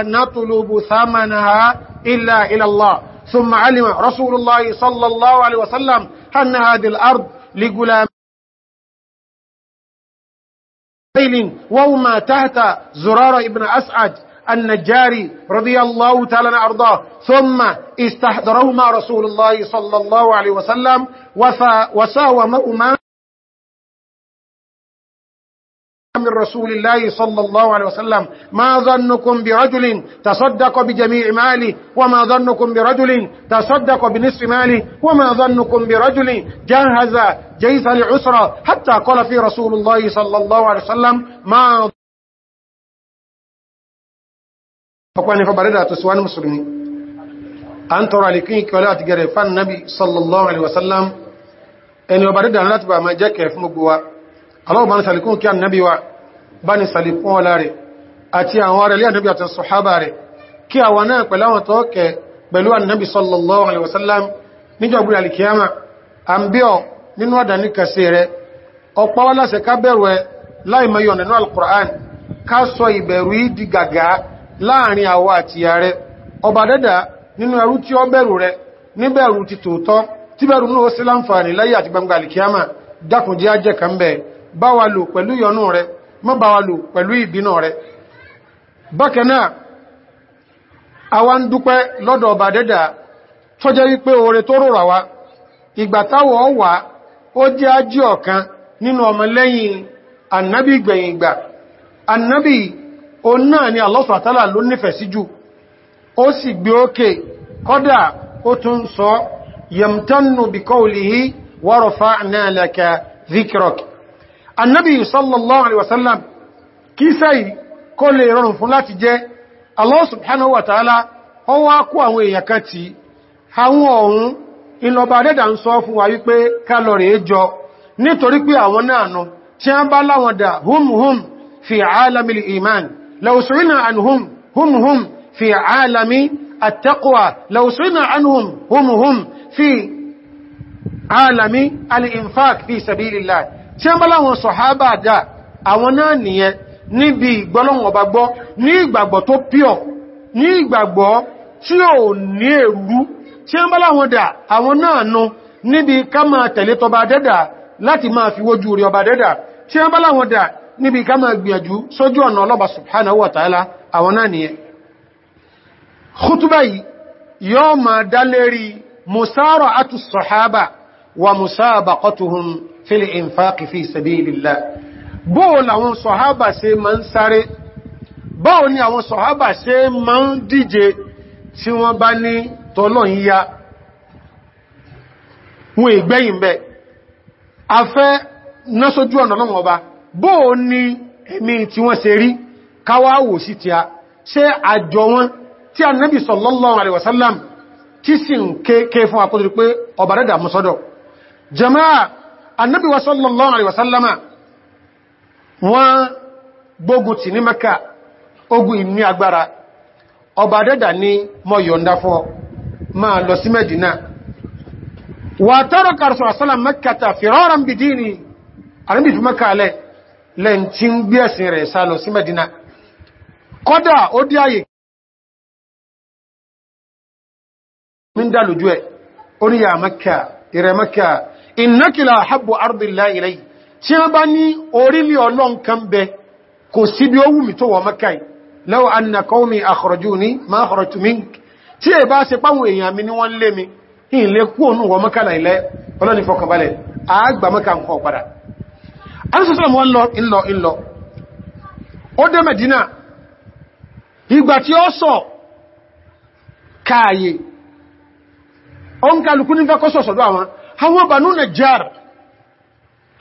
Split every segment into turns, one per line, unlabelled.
نطلب ثمنها إلا إلى الله ثم علم رسول الله صلى الله عليه وسلم أن هذه الأرض لغلام وما تحت زرار ابن أسعد النجاري رضي الله تعالى أرضاه ثم استحضرهما رسول الله صلى الله عليه وسلم وساومهما من رسول الله صلى الله عليه وسلم ما ظنكم برجل تصدق بجميع ماله وما ظنكم برجل تصدق بنصف ماله وما ظنكم برجل جهز جيش لعسرة حتى قال في رسول
الله صلى الله عليه وسلم ما
ọkwani fabarida to suwani musulmi an tọrọ alikin ikọlẹ àti gẹrẹ fan nabi sallallahu alaihi wasallam ẹni ọbarida láti ba ma jẹ́ kẹ fún gbogbo wa alọ́wọ́ bá ń sàlìkún kí annabi wa bá ní sàlìkún ọlá rẹ̀ àti àwọn arẹ̀lẹ́ ànábì àti sọ̀hábà rẹ̀ kí àwọn náà pẹ̀lú àwọn tọ́ọ̀kẹ́ pẹ̀lú ànábì sallallahu alaihi wasallam níjọ̀gbìn alìkíyàmà àmbíọ̀ nínú àdáni kẹsẹ̀ rẹ̀ ọ̀pọ̀ wá láṣẹ ká bẹ̀rù ẹ láìmọ̀yọ̀ nínú alkùrán ká sọ ìbẹ̀rù ìdí gàgá láàrin àwa àti ààrẹ ọba dẹ́dà nínú ẹrú tí ó bẹ̀rù rẹ níbẹ̀rù ti tòótọ́ tí ní ó sí láǹfààní láyé àti gbangba alìkíyàmà dákùnjẹ́ ajẹ́ kan bẹ̀ bá lò pẹ̀lú yọnú rẹ̀ má bá wa lò pẹ̀lú rẹ̀ bákan náà àwa ń dúpẹ́ lọ́dọ̀ ọba dẹ́dà tó jẹ́ wípé oore tó ìgbà táwọ̀ wà ó jẹ́ nínú ọmọ lẹ́yìn annabi gbẹ̀yìn ìgbà annabi o náà ni Allah ló nífẹ̀ẹ́ sí jù ó sì gbé ókè kọ́dà ó tún sọ annabi sallallahu alaihi wasallam kí sẹ́yìn kó lè rọrùn fún láti jẹ́ Allah subhanahu wa ta'ala ó wá kó àwọn èèyàn kan tí àwọn ọ̀hún ìlọba dẹ́dà ń sọ fún wa wípé kálọ̀rì ẹjọ nítorí pé àwọn náà nù tí a bá láwọn dà húnhún fi alamil iman lausrina anhum húnhún fi alami attaqwa lausrina anhum húnhún fi alami al-infaq fi sabilillah tí a bá láwọn sọ̀hábà dà àwọn náà nìyẹn níbi ìgbọ́lọ́wọ̀n ọba gbọ́ ní ìgbàgbọ́ tó píọ̀ ní ìgbàgbọ́ tí ò ní èrú tí a bá láwọn dà àwọn náà nù níbi ká máa tẹ̀lé tọba dẹ́dà láti máa fi wojú rí ọba dẹ́dà tí a bá láwọn dà níbi ká máa gbìyànjú sójú ọ̀nà ọlọ́ba subhanahu wa ta'ala àwọn fil infaqi fi sabilillah bóò làwọn sọ̀hábà ṣe ma ń sáré báwo ni àwọn sọ̀hábà ṣe ma ń díje tí wọ́n bá ní tọ́lọ̀ ń ya wọn ìgbẹ́yìn bẹ́ afẹ́ násójú ọ̀nà náà ọba bóò ni ẹ̀mí tí wọ́n ṣe rí káwàwò jama'a annabi wa sallallahu alaihi wasallama wọ́n gbógun ti ní maka ogun ìní agbára ọba dẹ́dà ní mọ́ yọ̀nda fọ́ ma lọ sí mẹ́dínà wà tọ́rọ kàrùsù àsálà mẹ́kàtà fìrọ́ràn bì dìní àríbì fi maka alẹ́ lẹ́n tí ń gbé ẹ̀sìn rẹ̀ sá lọ sí mẹ́dínà kọ́dà ó dí ààyè
min
maka ìrẹ̀ maka ìnákìlá àhábò àrùdìlá ilẹ̀ tí a bá ní orílẹ̀ ọlọ́n kan bẹ kò sí bí ó wù mí tó wọ mọ́kàí lọ́wọ́ annakọ́mi àkọrọ̀jú ní máa kọrọ̀tù mí tí è bá ṣe páwọn èèyàn mi ní wọ́n lé mi ní ilé kúònù wọ mọ́kàlá ilẹ̀ ọlọ́ni fọkànbalẹ̀ àágbà mọ́kà ń kọ padà ó fẹ́ kọ́sọ̀sọ̀dọ̀ àwọn àwọn Banu jar,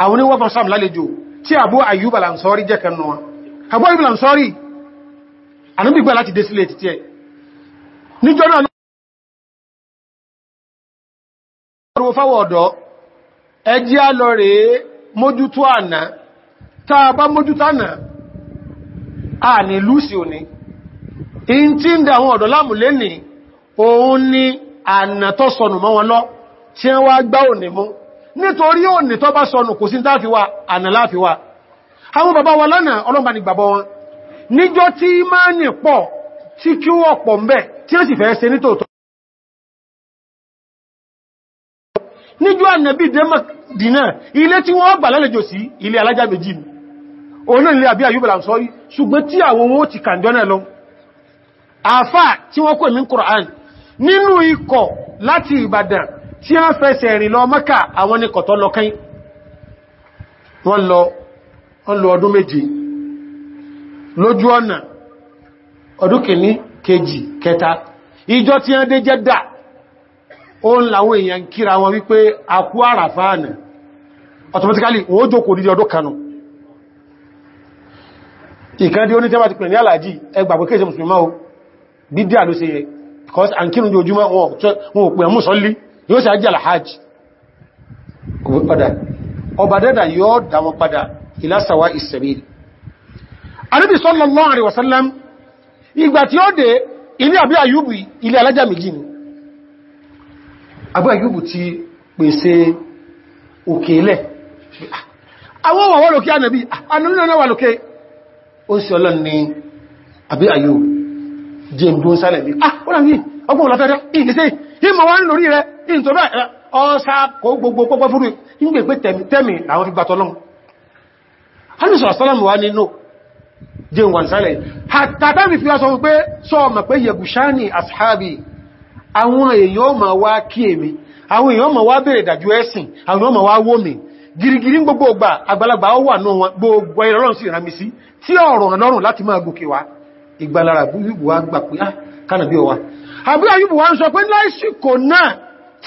àwọn oníwọ́ fún sam lálejò tí Abu Ayyub al-Ansari jẹ́ kan náà Abu Ayyub al-Ansari ànúbìgbà láti dé sílẹ̀
títí ẹ̀ níjọ́ náà
lọ́rọ̀ fáwọ̀ ọ̀dọ́ ẹjí á lọ rẹ̀ mójútó àná tá bá mójútó àná à ní lúsì òní in ń da àwọn ọ̀dọ́ láàmù lẹ́ni òun ni ànà tó sọnù mọ́ wọn lọ́pọ̀ tí wọ́n wá gbá òní mú nítorí òní tó bá sọnù kò sí táàfiwà ànàláàfiwà àwọn bàbá wa lánàá ọlọ́mbà ni gbàbọ́ wọn níjọ́ tí máa nì pọ̀
tí kí wọ́n pọ̀ mbẹ̀ tí ó sì fẹ́ ṣe ní tòótọ́
níjọ́ ànàbí dẹ́mọ̀dínà ilé tí wọ́n gbà lálejò sí ilé alájá méjì ni òun náà ilé àbí àyúbẹ̀lá ń sọ́rí ṣùgbọ́n àfáà tí wọ́n kò mí Kùránì nínú ikọ̀ láti Ìbàdàn tí a fẹsẹ̀ rìn lọ Mẹ́kà àwọn ní kọ̀tọ́ lọ kẹ́yìn wọ́n lọ ọdún méje lójú ọ̀nà ọdún kìíní kejì kẹta ìjọ tí a dé Jẹ́dà ó ń láwọn èèyàn kíra wọn wípé àkú àràfáànà automatically wọ́n jókòó dídí ọdún kanú ìkàndí ó ní tẹ́bà ti pè ní àlàájì ẹgbàgbé kéèsè mùsùlùmí máa ó dídí àlóṣe yẹ because àǹkírùn jojúmọ́ wọn ò pè mú sọ́lí yóò sì ajá alhajj ọba dẹ́dà yóò dáwọn padà ìlàsàwà ìsẹ̀mìlì Ànábì sallallahu alaihi wasallam ìgbà tí ó dé ilé àbí àyúbù ilé alájà méjì ni àbí àyúbù ti pèsè òkèlẹ̀ àwọn wọ̀wọ́ lókè ànàbí anúlọ́nà wà ni àbí àyúbù jẹ́ ìgbóhùn sálẹ̀ ah ó rà ní ọgbọ̀n lọ́fẹ́rẹ́ ìgbésẹ̀ ìmọ̀ wá ń lórí rẹ̀ nítorí ọ́sá kó gbogbo pọ́pọ́ fúrú nígbègbè tẹ́mì àwọn fi gbàtọ́ lọ́n alìsọ̀ sọ́lọ́mù wá nínú jẹun wà sálẹ̀ tàbí fi wá sọ pé sọ ọmọ pé yẹ̀gùsáni ashabi àwọn èèyàn ma wá kí èmi àwọn èèyàn ma wá bèèrè dájú ẹ̀sìn àwọn èèyàn ma wá wó mi gìrìgìrì gbogbo ọgbà àgbàlagbà ó wà náà wọn gbogbo ìrọ̀lọ́run sí ìrànmi sí tí ọ̀rọ̀ lọ́rùn láti máa gòkè wá ìgbàlára búrúbù wá gbà pé ah, àbúrà yìí wá ń sọ pé láìsí náà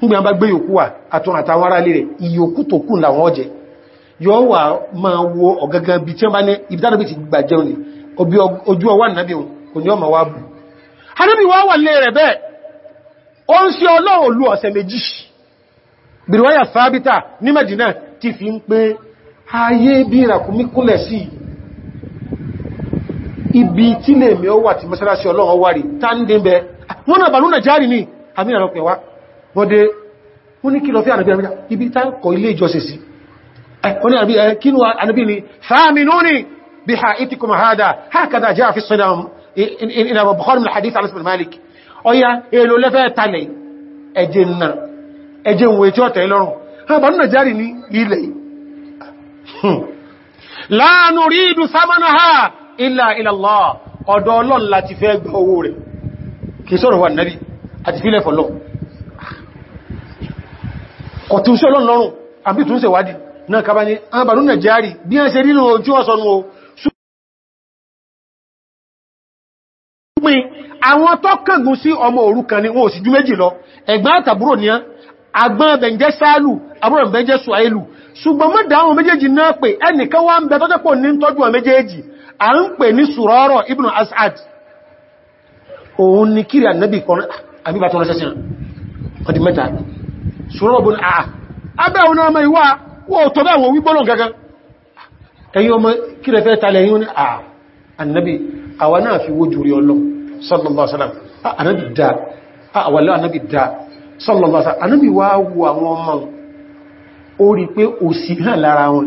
nígbà bá gbé yòókù wà àtún àtàwọn ará lè rẹ̀ ìyòókù tó kù làwọn ọjẹ́ yóò wà máa wo ọ̀gangan bí tí wọ́n bá ní ibi tánàbí ti gbà jẹun ní ojú ọwà nàbí òun kò ní ọmọ wá bù Ànábì wá wà lè rẹ̀ bẹ́ẹ̀ ó ń sí ọlọ́run lu ọ̀sẹ̀ méjì bìrìwáyà fábítà ní Mẹ́dínà ti bọ́dé wọ́n ní kí lọ fí ànàbí ànàbí ibi táǹkọ ilé ìjọsẹ̀ sí ẹ̀kọ́ní ànàbí ẹ̀kínú ànàbí ni fàáminúni bí ha ìtìkùnmà hádà hákàdà jẹ́ àfi sọ́dàm ìnàbà Bukhari min hadith Anas bin Malik ọya èlò lẹ́fẹ́ talẹ̀ ẹjẹ́ nà ẹjẹ́ ìwé tí ó tẹ̀ lọ́rùn àbánú nàìjírí ní ilẹ̀ hmm. la nuridu thamanaha illa ila Allah ọ̀dọ̀ Ọlọ́run fẹ́ gbọ́ owó rẹ̀ kìí sọ́rọ̀ wà nàbí àti fílẹ̀ fọ́lọ́run kọ̀tí ṣe ọlọ́run lọ́rùn àbí tún ṣe wádìí náà kaba
ní àbàrún nàìjíríà bí ẹ ṣe rínú ojú ọ̀sọ̀nù o
ṣùgbìn àwọn tó kàngún sí ọmọ òrukàn ni wọn ò sì ju méjì lọ ẹ̀gbọ́n àtàbúrò ní àgbọn bẹ̀ǹjẹ́ sáàlù àbúrò bẹ̀ǹjẹ́ sùáìlù ṣùgbọ́n mọ́dá àwọn méjèèjì náà pé ẹnìkan wá ń bẹ tọ́jọ́pọ̀ ní tọ́jú àwọn méjèèjì à ń pè ní sùrọ́rọ̀ ibn asad òun ni kiri ànábì kan àbíbàtọ́ rẹ̀ sẹ́sìn ọdí mẹ́ta ṣùrọ̀bùn àà abẹ́ òun ọmọ ìwà wọ́n tó bẹ́ wọ́n wígbọ́nà gangan ẹ̀yin ọmọ kí rẹ̀ fẹ́ talẹ̀ yíò ní àà annabi àwa náà fi wójú rí ọlọ́run sallallahu alaihi wasallam annabi da àwàlọ́ annabi da sallallahu alaihi wasallam annabi wá wo àwọn ọmọ ó rí pé òsì hàn lára wọn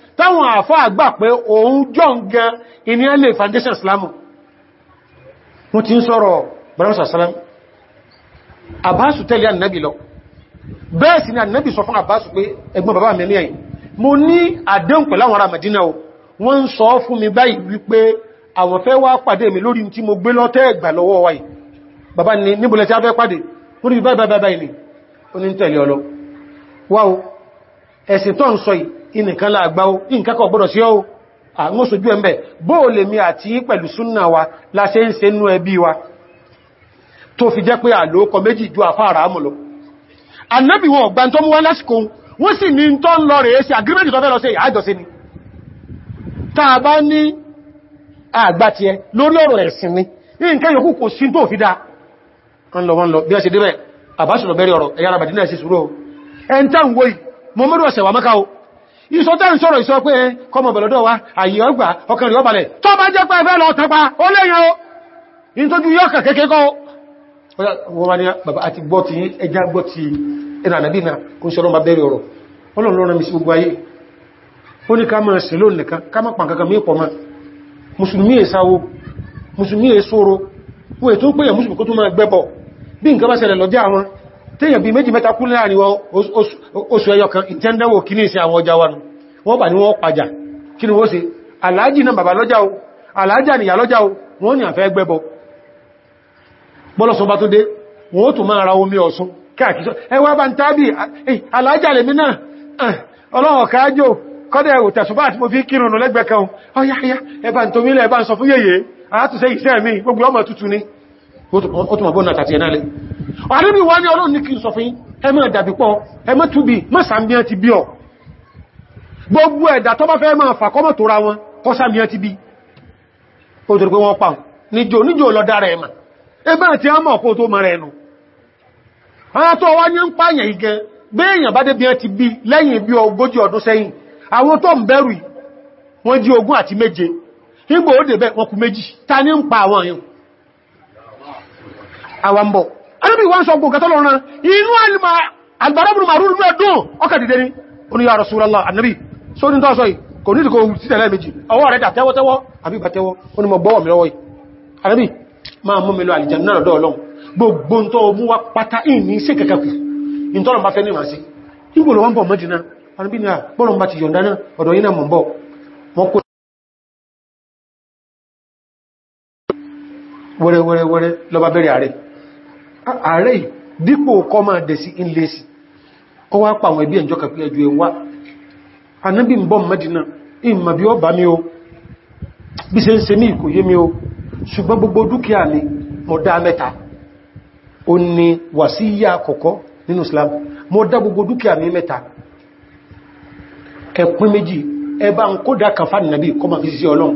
táwọn àfá àgbà pé òun jọ ń gan iní ẹlẹ́ foundation islamu wọ́n ti ń sọ̀rọ̀ bẹ̀rẹ̀sàsálám àbáṣù tẹ́lẹ̀ ànìyàn lọ bẹ́ẹ̀ sì ni ànìyàn sọ fún àbáṣù pé ẹgbọ́n bàbá mi ní ẹ̀yìn mo ní àdéhùn pẹ̀lú àwọn ará Madina o wọ́n ń sọ fún mi báyìí wípé àwọn fẹ́ wá pàdé mi lórí tí mo gbé lọ́tẹ́ ẹ̀gbà lọ́wọ́ wáyìí bàbá ni níbùlẹ̀ tí a fẹ́ pàdé lórí báyìí báyìí báyìí ni ó ní tẹ̀lé ọlọ wáwo ẹ̀sìn tó ń sọ yìí inìkan láàgbá o nǹkan kò gbọ́dọ̀ sí ọ́ àwọn òṣòjú ẹ̀mẹ́ bóò lè mi àti pẹ̀lú súnnà wa láṣẹ ń ṣe nú ẹbí wa tó fi jẹ́ pé àlòókọ méjì ju àfáàrà mú lọ annabi wọn ọ̀gbà tó mú wá lásìkò wọ́n sì ní tó ń lọ rẹ̀ sí agreement tó fẹ́ lọ sí àjọsí ni táa bá ní àgbàtí ẹ mọ́ká o ìsọtẹ́rì sọ̀rọ̀ ìsọ pé kọmọ̀ bẹ̀lọ́dọ̀ wa àyè ọgbà ọkàn rí ọbalẹ̀ tó bá jẹ́ pẹ́ ẹ̀fẹ́ lọ tẹpa ó lẹ́yìn o in tójú yọ́ kẹ̀kẹ́kẹ́ kọ́ ti ẹja ti na kò ń sọ́rọ̀ bá bẹ̀rẹ̀ ọ̀rọ̀ ọlọ́run lọ́rọ̀ mi sí gbogbo ayé ó ní ká máa sì lónìí ma mùsùlùmí èsáwó mùsùlùmí èsòro wọ́n bí nǹkan àwọn téèyàn bí méjì mẹ́ta kú láàrin oṣù ẹyọ kan ìtẹ́ndẹ̀wò kí ní ìṣẹ́ àwọn ọjà wọn wọ́n bà ní wọ́n pàjà kí ni wọ́n ṣe aláàjì náà bàbá lọ́jà o omi nìyà lọ́jà o wọ́n ni àfẹ́ gbẹ́bọ bọ́lọ́sọ bá tó dé wọ́n tó máa ra omi ọ̀ṣun káàkiri ó tún àbọ́nà àtàtì ẹ̀nà ya àríbí wá ní ọlọ́run ní kí n sọ fún ẹmọ́ ìdàbípọ̀ ẹmọ́ túbí mọ́sàmíyàn ti bí ọ gbogbo ẹ̀dà tó bá fẹ́ mọ́ fàkọ́mọ̀ tó ra wọn kọ́sàmíyàn ti bí ó tó rí pé wọ́n pa níjò níjò lọ dára ẹ̀mà ẹgbẹ́ ti a mọ̀ kó tó mara ẹnu àwọn tó wá ní ń pààyàn igẹ béèyàn ànábì wọ́n sọ gbogbo tọ́lọ́run inú albarabun marun ní ọdún ọkà dìde ní oníyà rasulallah ànábì so ní tọ́sọ yìí kò ní ìdíkò títẹ̀lẹ́ méjì ọwọ́ rẹ̀ tẹ́wọ́tẹ́wọ́ àbí bàtẹ́wọ́ ó ní mọ̀ gbọ́wọ̀ mi lọ́wọ́ yìí ànábì máa mú mi lọ àlìjànnà lọ́dọ̀ Ọlọ́run gbogbo ń tọ́ mú wa pátá ìní sí kẹkẹkù ìntọ́lọ̀ ba fẹ́ ní màá sí ìgbò lọ wọ́n bọ̀ mọ́jìnà ànábì ní à bọ́lọ̀ bá ti yọ̀ndá náà ọ̀dọ̀ yìí náà mọ̀ bọ̀ wọ́n kó
wẹ́rẹ́wẹ́rẹ́wẹ́rẹ́ lọ bá bẹ̀rẹ̀ ààrẹ
ààrẹ dípò kọ́ máa dẹ̀ sí inlẹ̀sì ọ wá pa àwọn ẹbí ẹ̀njọ́ kàpí ẹjù ẹwà anábì ń bọ́ mẹ́dínà ìmà bí ó bá mi o bí se ń se ní mi o ṣùgbọ́n gbogbo dúkìá ni mo dá mẹ́ta o ni wà sí yá àkọ́kọ́ nínú Islam mọdá gbogbo dúkìá mi mẹ́ta ẹ̀pín méjì ẹba ń kó dákan fánìyàn bí kọ́ ma fi sí ọlọ́run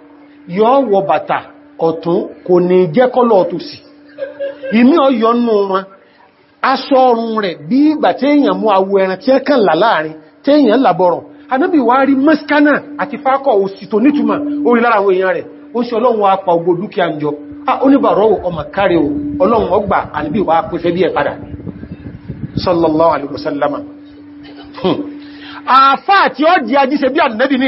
yóò wọ bàtà ọ̀tún kò ní jẹ́ kọ́lọ̀ ọ̀tòsì ìmí ọ̀yọ́ nù wọn aṣọ ọrùn rẹ̀ bí ìgbà téèyàn mú awọ ẹran tí ẹ kàn là láàrin téèyàn làbọ̀rọ̀ anábì wá rí mẹ́skánà àti fákọ̀ òsì tó nítumọ̀ orí lára àwọn èèyàn rẹ̀ ó sallallahu alaihi wasallama hmm. àfáà tí ó di ajíṣẹ́ bí ànábì ní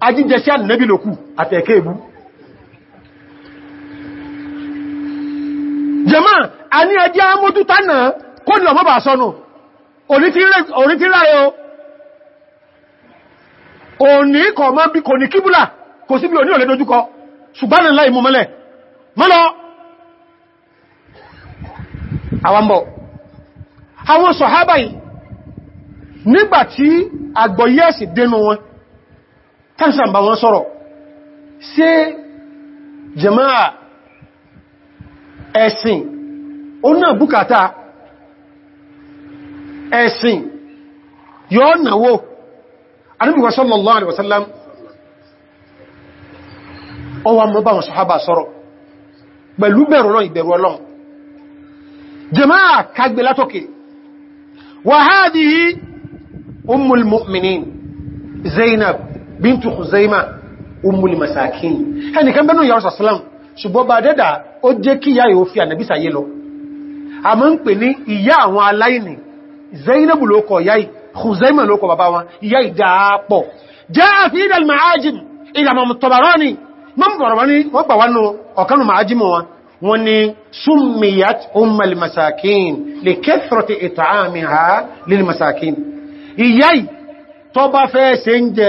ajíjẹ sí ànìyàn lòkú àtẹ̀ẹ̀kẹ́ ìbú jẹmọ́ a ní ẹjẹ́ amójútá náà kó lọ mọ́ bà sọ́nù orítíràyọ òní kọ̀ mọ́ bí kò ní kíbùlà kò sí bí òní òlé dojúkọ ṣùgbọ́n láì mú mọ́lẹ̀ mọ́lọ àwọn àwọn sọ̀hábà nígbàtí àgbọ̀yẹ́sì dénú wọn kánsàn bá wọn sọ̀rọ̀ ṣe jama'a ẹ̀sìn ó náà bùkátà ẹ̀sìn yóò náwó anúbìwọ̀ sallallahu alaihi wasallam ọwà mọ́ bá wọn sọ̀hábà sọ̀rọ̀ pẹ̀lú bẹ̀rù náà ìbẹ̀rù ọlọ́n Zainab bíntù Khuzaima umul masakin ẹnìkan bẹ́nu ya rọ́sà sálàm ṣùgbọ́n bá dẹ́dà ó jẹ́ kí ya yóò fi ànàbí sàyé lọ a mọ́ ń pè ní ìyá àwọn aláìní Zainabu ló kọ yáì Khuzaima ló kọ bàbá wọn ìyá ìdápọ̀ jẹ́ fi ìdàl ma'ajim ìdàmọ̀ tọ̀bàrọ́ni wọ́n ni summiyat ummal masakin lè kathrati it'amiha lil masakin ìyá tó bá fẹ́ ṣe ń jẹ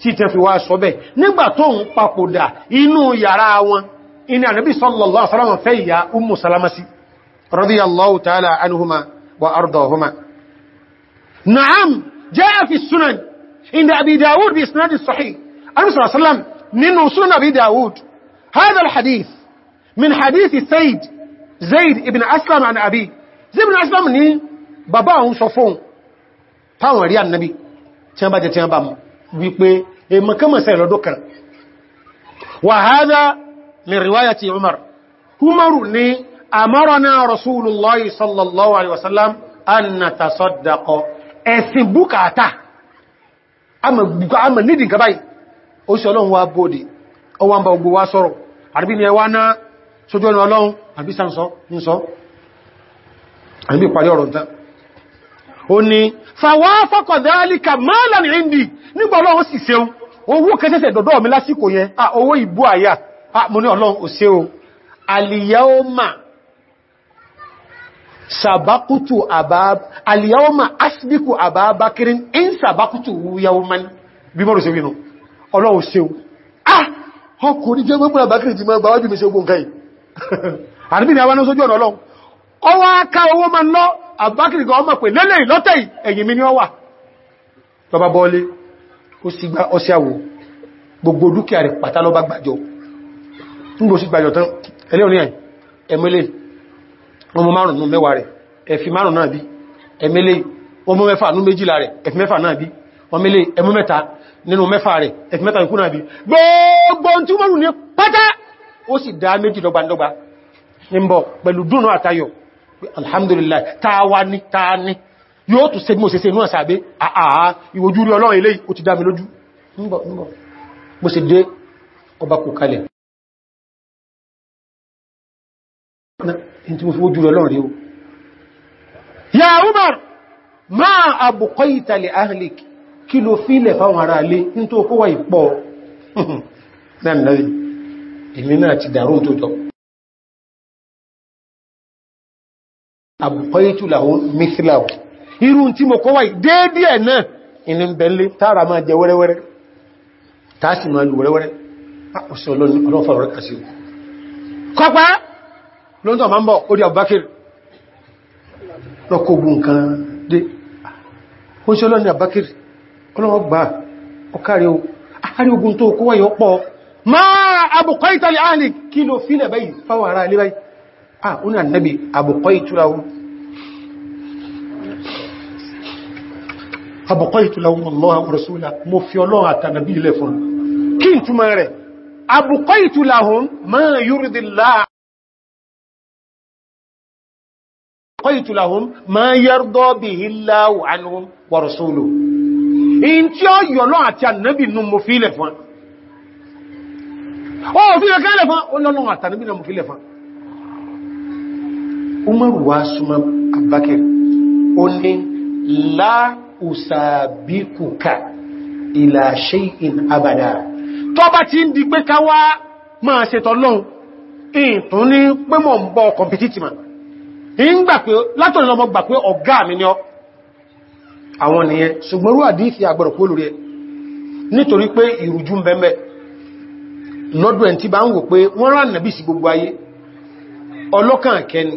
tí tẹ́ fi wá sọ́bẹ̀ nígbà tó ń papòdà inú yàrá wọn inú ànábì sallallahu alaihi wasallam fẹ́ ìyá Ummu Salama sí radiyallahu ta'ala anhuma wa ardahuma na'am jaa fi sunan inda abi dawud bi isnad sahih annabi sallallahu alaihi wasallam nínú sunan abi dawud hadha alhadith min hadith sayyid zaid ibn aslam an abi zaid ibn aslam ni bàbá òun sọ fún táwọn rí annabi tí wọ́n bá jẹ tí wọ́n bá mú wípé èmọ̀ kí mọ̀sẹ̀ lọ́dún kan wà hádá min riwayati umar umaru ni amarana rasulullahi sallallahu alaihi wasallam an natasaddaqa ẹ̀sìn bukata àmà nídìn ka báyìí ó sì ọlọ́run wa bóde ọwọ́ àmbà ogbò wa sọ́rọ̀ àríbí ni ẹwà náà sójú ọlọ́run àbí sánsọ́ ń ó ní fàwáfọ́kọ̀ dáálíkà máàlà ní indi nígbà ọlọ́run sì ṣeun owó kẹsẹsẹ̀ dọ̀dọ̀ mi lásìkò yẹn à owó ìbú àyà mo ní ọlọ́run ò ṣeun aliyaoma sàbákútù àbábá aliyaoma asbíkù àbábá kírín in sàbákútù yaomani bí mọ́rọ̀ ṣewínú ọlọ́run ṣeun ah ọkùnrin jẹ́ gbogbo àbákírín ti mọ́ gbáwájú mi ṣe ogun kẹ́ ọwọ́ aká owó ma ń lọ àbákìrì gan ọmọ pé lélẹ̀ ìlọ́tẹ̀ ẹ̀yìn mi ni ó wà lọba bọ́ọ̀lé ó sì gba ọsẹ́ àwò gbogbo dúkìá rẹ̀ pàtà lọba gbàjọ nígbò sí gbàjọ tán ẹlẹ́ òní ẹ̀mẹ́lẹ́ ọmọ márùn-ún mẹ́wàá rẹ̀ ẹ̀fì márùn-ún náà bí ẹ̀mẹ́lẹ́ ọmọ mẹ́fà nú méjìlá rẹ̀ ẹ̀fì mẹ́fà náà bí ọmọlẹ́ ẹmú mẹ́ta nínú mẹ́fà rẹ̀ alhamdulillah tàwà ní tàà ní yóò tún se mọ́ se se inú àsàbé àà ìwòjú rí ọlọ́run ilé o ti dámi lójú níbọ̀ níbọ̀ mo sì dé
ọba kò kalẹ̀ tí mo
fi wójú rí ọlọ́run rí o ya Umar ma àbùkọ́ ìtàlẹ̀ ahlik kí ló fílẹ̀ fáwọn ará alé ní tó kówà ìpọ̀
náà náà èmi náà ti
àbùkọ́yítù làwó mithlahu irú tí mo kọ́ wáyé déédé ẹ̀ náà inú bẹ̀lẹ̀ tààrà máa jẹ wẹ́rẹ́wẹ́rẹ́ tààsì máa lù wẹ́rẹ́wẹ́rẹ́ àkùsí ọlọ́fàwọ́rẹ́ kàsí kọ́pá lóńtọ̀ máa ń bọ̀ ó di àbúbákìrì lọ́kọ̀gùn kan dé ó ṣe ọlọ́ni àbúbákìrì ọlọ́wọ́ gbà ọkàrí ogun tó kówáyé ọpọ̀ ah ó ní ànábì abqaytu lahu abqaytu lahu Allaha wa rasulahu mo fi ọlọ́run àtànàbí ilẹ̀ fún kí n túnmọ̀ rẹ̀
abqaytu lahum ma yurdi Allah
قيت لهم ما يرضى به الله عنهم ورسوله in tí ó yọ̀lọ́ àti ànábì nù mú fílẹ̀ fún ó fílẹ̀ kẹ́lẹ̀ fún ó lọ́nà àtànábì nù mú fílẹ̀ fún umaru wa súnmọ́ abubakar ó ní láùsàbíkùkà ila shayin abada tó bá ti ń di pé káwá máa ṣe tọ́lọ́un ìtún ní pé mọ̀ ń bọ́ kọmpitítìmà ìgbà pé látọ̀nà ọmọ gbà pé ọ̀gá mi ni ọ àwọn nìyẹn ṣùgbọ́n rú àdífì àgbọ̀rọ̀ kó lórí ẹ nítorí pé ìrújú lọ́dún ẹ̀ tí bá ń wò pé wọ́n rán nàbí sí gbogbo ayé ọlọ́kàn kẹni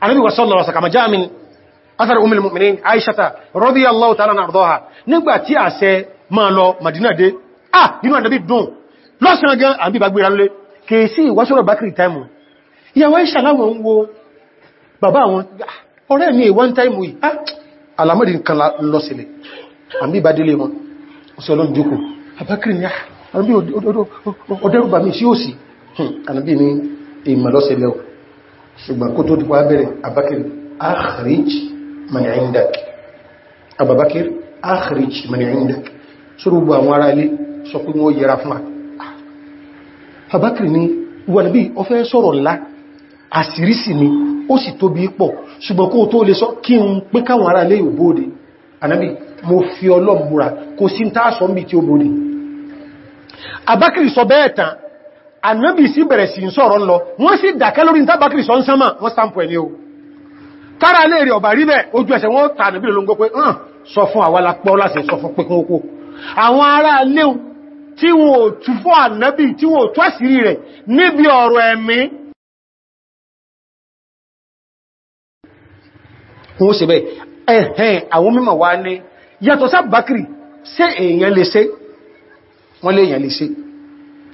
Ànábì wa sallallahu alaihi wasallam kama jaa min athar ummul mu'minin Aisha radiyallahu ta'ala anha nígbà tí àṣẹ máa lọ Madina dé ah inú Ànábì dùn lọ́sàn gan àbí bá gbéra lé kèèsí ìwáṣọ́rọ̀ bákìrì táìmù ìyàwó Aisha láwọn ń wo bàbá àwọn ah, ọ̀rẹ́ mi ìwọ́n táìmù yìí ah alamọ́dì nǹkan lọ sílẹ̀ àbí bá délé wọn sí ọlọ́run jókòó àbákìrì ní ọdẹ́rùbà mi sí òsì àbí ní ìmọ̀lọ́sẹ̀lẹ́wọ̀ ṣùgbọ́n kó tó ti wá bẹ̀rẹ̀ abakir akhrij man indak ababakir akhrij man indak sọ́rọ̀ gbogbo àwọn ará ilé sọ pé wọ́n yẹra fún abakir ni wọ́n bí ọ fẹ́ sọ̀rọ̀ ńlá àṣírísì ni ó sì tóbi pọ̀ ṣùgbọ́n kó tó lè sọ kí n pé káwọn ará ànábì sí bẹ̀rẹ̀ sí ń sọ̀rọ̀ lọ wọ́n sì dákẹ́ lórí tábàkìrì sọ ń sánmà wọ́n stampo ẹni o kára lè rí ọ̀bà rí bẹ̀ ojú ẹsẹ̀ wọ́n tà níbi lóngó pé hàn sọ fún àwàlá pọ́ láti sọ fún pẹ́kún oko àwọn ará léun tí wọ́n ò tú fọ́ ànábì tí wọ́n ò tú
àṣírí rẹ̀ níbi ọ̀rọ̀ ẹ̀mí
wọ́n sì bẹ́ ẹ̀hẹ́n àwọn mímọ̀ wá ní yàtọ̀ sábàkìrì ṣé èèyàn lè ṣe wọ́n lè èèyàn lè ṣe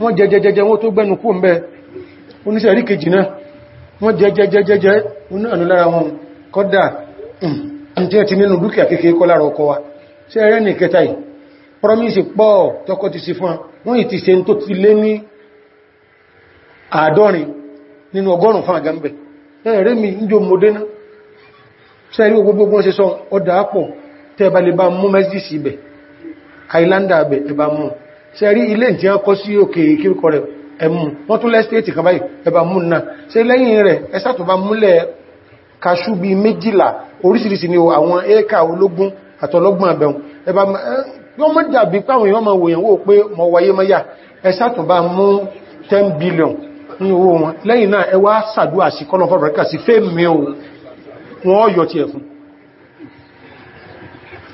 wọ́n jẹjẹjẹjẹ wọ́n tó gbẹ́nu kú mẹ́ oníṣẹ́ rí kejì náà wọ́n jẹjẹjẹjẹjẹ oní ànúlára wọn kọ́dà um, tí ẹ ti nínú dúkìá kékeré kọ́ lára ọkọ wa ṣe rẹ́ ní kẹta yìí promise pọ̀ tọ́kọ ti sí fún wọn yìí ti ṣe tó ti lé ní fún ṣe rí ilé tí wọ́n kọ́ sí òkè kíríkọ rẹ̀ ẹ̀mù wọ́n tún lẹ́stéètì kan báyìí ẹba mú náà ṣe lẹ́yìn rẹ̀ ẹsà tó bá múlẹ̀ kaṣú bí méjìlá oríṣiríṣi ni àwọn éka ológun àtọlọ́gbọ̀n abẹun ẹba wọ́n mọ́ dàbí páwọn èèyàn mọ̀ wòyàn wò pé mọ̀ wáyé mọ́yà ẹsà tó bá mú billion ní owó wọn lẹ́yìn náà ẹwà sàdúà sí kọ́lọ̀ fọ́bàrẹ́kà sí fẹ́ mẹ́ o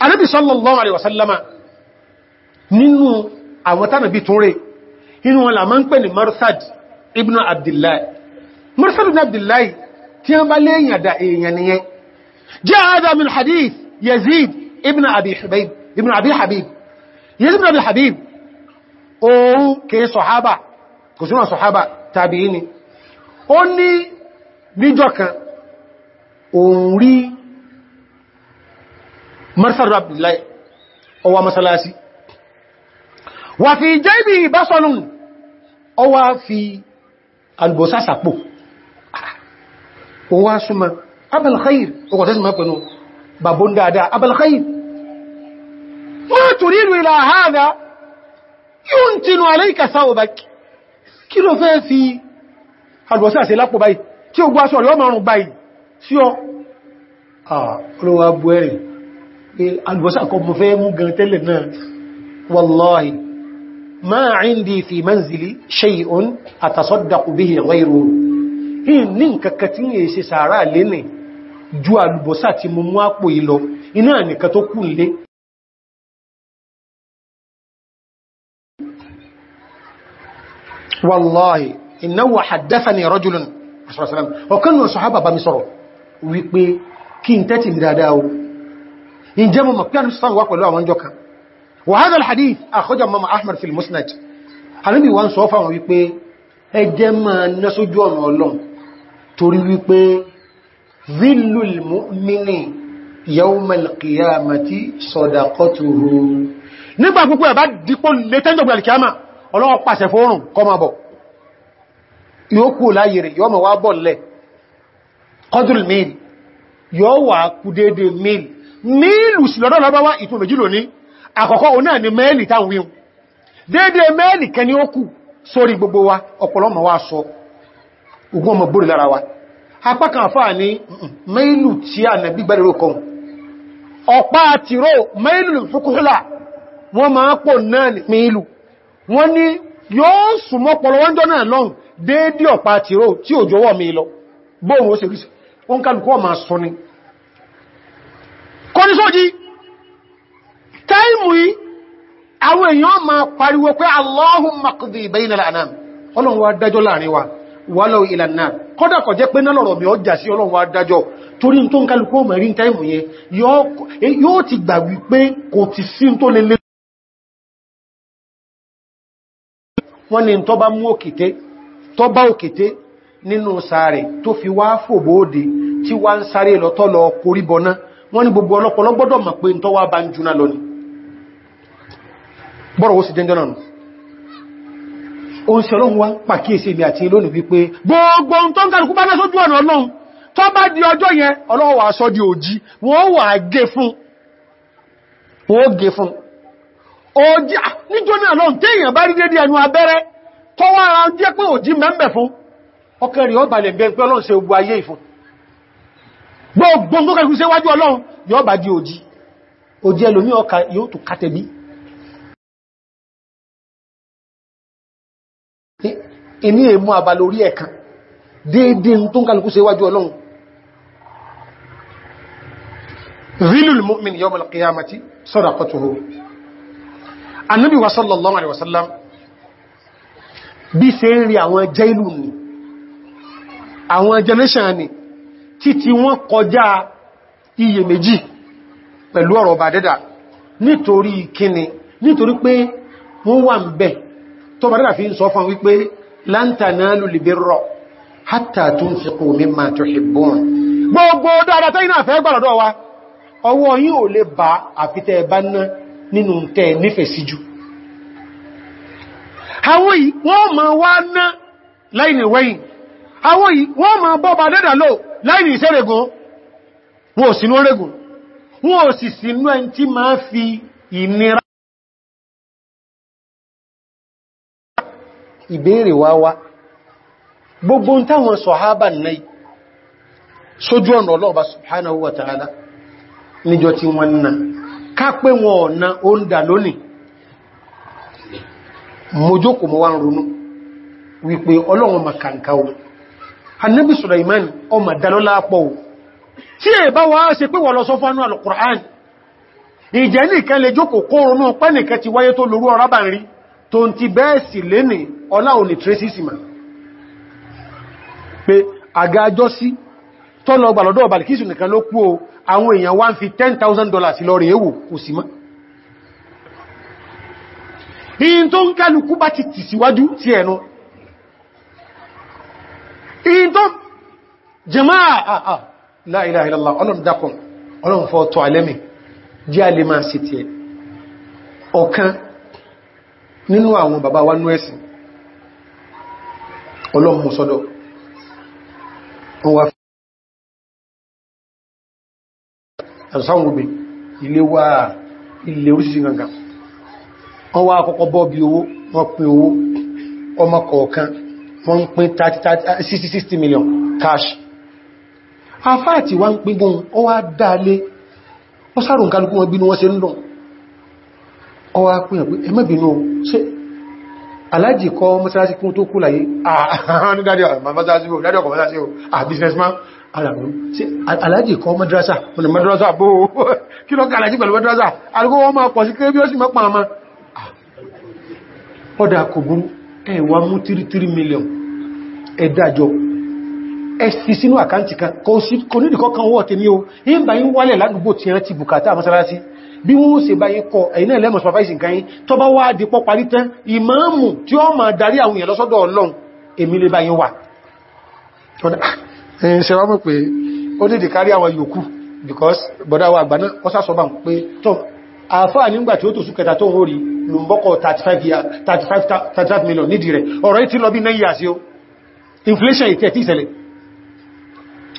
anábì sallallahu alaihi wasallama nínú àwọn tánàbí tún rẹ̀ inú wọn la máa ń pè ní marsad ibn abdullahi marsad ibn abdullahi tí wọ́n bá lẹ́yìn àdá èèyàn nìyẹn jẹ́ àádọ́ min hadith yazid ibn abi habib ibn abi habib yazid ibn abi habib òun kèé sọ̀hábà kò sínú sọ̀hábà tàbí ní ó ní níjọ́ kan òun rí marsar abdullahi ọwa masalasi wà fi jẹ́bi ìbásọ́nù ọwa fi albọ́sá sàpò ọwa súnmọ́ abulkhair ọkọ̀ tẹ́sí ma pẹ̀lú babun dada abulkhair ma turidu ila hadha yuntinu alayka sawbak kí ló fẹ́ fi albọ́sá sí lápò báyìí tí ó gbá sọ́rọ̀ yọ́ márùn-ún báyìí sí ọ Ah, olówó agbó ẹ̀rìn alùbọ́sà kọ mọ̀ fẹ́ mú gan tẹ́lẹ̀ náà wallahi ma indi fi manzili shay'un atasaddaqu bihi ghayru in ní nǹkankan tí yẹ ṣe sàárà lẹ́nì ju alùbọ́sà ti mú mú àpò
ìlọ iná nìkan tó kún lé
wallahi innahu haddathani rajulun sallallahu alaihi wasallam ọ̀kan nù mi sọ̀rọ̀ wípé kí n tẹ́tì dáadáa إن جاء ممكن نصفان وقوة لها وانجوكا وهذا الحديث أخرج ماما أحمد في المسند Ànábì wọ́n sọ fáwọn wípé ẹjẹ́ máa ná sójú ọ̀nà Ọlọ́run torí wípé zillul mu'mini yawmal qiyamati sadaqatuhu nígbà púpọ̀ ẹ̀bá dípò lè tẹ́jọ̀gbà alkiyama Ọlọ́run pàṣẹ fóòrùn kọmọ̀bọ̀ yóò kú láyé rẹ̀ yóò mọ̀ mil yóò wà kú dédé mil mílù sí lọ́dọ̀ lọ́báwá ìpò méjì lóní àkọ́kọ́ onáà ni mẹ́ẹ̀lì táwọn wíhun dédé mẹ́ẹ̀lì kan ní ó kù sórí gbogbo wa ọ̀pọ̀lọmọ̀ wá sọ ogun ọmọ bórí lára wa apá kan fà ní mẹ́ẹ̀lù tí a nàbí gbẹ́rẹ̀rọ kan ọ̀pá àtìró mẹ́ẹ̀lù fúkúrúlà wọ́n máa pò náà ní mẹ́ẹ̀lù wọ́n ní yóò ó sì kọ́ ní sóòdí táìmù yìí àwọn èèyàn ma pariwo pé Allahumma makudu bayna al-anam ọlọ́run adajọ dájọ́ láàrin wa walau ila an-nar jẹ́ pé nálọ̀rọ̀ mi ọjà sí ọlọ́run wá dájọ́ torí tó ń kálukú ti gbà wípé kò ti sí tó lè wọ́n ní gbogbo ọlọ́pọ̀lọ́ gbọ́dọ̀ mọ̀ pé tó wá bá ń jùna lọ ní bọ́rọ̀ ó sì dẹ́jọ́ náà oúnṣẹ́ ọlọ́run wá pàkíyèsí èmì àti lónìí wípé gbogbo tó ń kàrùkú bá ọ̀nà ọlọ́run tó bá di ọjọ́ yẹn di wọ́n wà gé fún wọ́n gé fún gbogbo tó kẹ́kù sí wájú ọlọ́run yóò bá jí òjí òjí ẹlòmí ọkà yóò tó kàtẹ̀bí
inú èmú àbàlò orí ẹ̀kan
déédé tó ń kàlùkù sí wájú ọlọ́run rílùl mu'min yawmal qiyamati sadaqatuhu annabi wa sallallahu alaihi wasallam bí ṣe ń rí àwọn jẹ́ ìlú títí wọ́n kọjá iye méjì pẹ̀lú ọ̀rọ̀ ọba dẹ́dà nítorí kíni nítorí pé wọ́n wà ń bẹ̀ tó bá dẹ́dà fi ń sọ fún wípé lan tanalul birra hatta tunfiqu mimma tuhibbun gbogbo dáadáa tẹ́yìn náà fẹ́ gbàlọ́dọ̀ wa ọwọ́ yín ò lè bá àfitẹ́ ẹ̀bá ná nínú tẹ́ nífẹ̀ẹ́ àwọn yìí ma wá ná láìníwẹ́yìn lóò láì isere ìṣẹ́rẹ̀gùn ụmụ ò sínú orégùn
wọn ò sì sínú ẹni tí fi ìnira
ìbéèrè wá wá gbogbo ń táwọn sọ̀hábà náà sójú ọ̀nà ọlọ́ọ̀bá subhanahu wa ta'ala níjọ tí wọ́n náà ká pé wọn ọ̀nà ó ń dà lónìí mojókòó mọ́ wá ń ronú annabi Sulaiman ọmọ dalọ́lá pọ̀ tí è bá wá ṣe pé wọ́n lọ sọ fánú al-Qur'an ìjẹ́ nìkan lè jókòó kóòrùn náà pẹ́nìkan ti wáyé tó lórú ọ̀rá bàrí tó ń ti bẹ́ẹ̀ sì lénì ọlá òní trésìsìmà pé àgájọ́ sí tọ́lọ ọgbàlọ́dọ̀ ọbàlìkísù nìkan ló kú o àwọn èèyàn wá ń fi $10,000 lọ rẹ̀ èwò kò sí mọ́ ìyìn tó ń kálukú bá ti tìsíwájú ti ẹ̀nu in tó jama'a àà la ilaha ọlọ́run dákùn ọlọ́run fọ́ tọ́ alẹ́mì jẹ́ alẹ́ máa sì tí ẹ ọ̀kan nínú àwọn bàbá wa nú ọlọ́run mú sọ́dọ̀ ọmọ kọ̀ọ̀kan wọ́n pín 60 eh, million cash afá àti wá ń pín gún ọ wá dáalé ó sáàrùn kálukú wọn bínú wọ́n ṣe ń lọ ọ wá pín ẹ̀pẹ́ ẹmọ́ bínú ṣe alájì kọ́ mọ́sálásí kún tó kú láyé ah, ah, alájì kọ́ madrasa ọ̀nà madrasa bó kí lọ́kà alájì pẹ̀lú madrasa alùgbọ́ wọ́n máa pọ̀ sí kéré bí ó sì mọ́ pàmà ọdá kò burú ẹ̀wà mú 33 million ẹ̀dàjọ́ ẹ̀sì sínú àkáǹtì kan kò ní ìdíkọ́ kan wọ́ tèmi o yín bá yín wálẹ̀ ládùúgbò tí ẹran ti bùkátà mọ́sálásí bí wọ́n ṣe bá yín kọ ẹ̀yìn náà lẹ́mọ̀ supervise nǹkan yín tó bá wá dìpọ̀ parí tán ìmáàmù tí ó máa darí àwọn èèyàn lọ́sọ́dọ̀ ọlọ́run èmi àfáà nígbà tí ó tó súnkẹta tó hórí lùmbọ́kọ̀ 35 million nídìí rẹ̀ ọ̀rọ̀ tí lọ bí 9 years yóò inflation ìtẹ́ tí ìṣẹ̀lẹ̀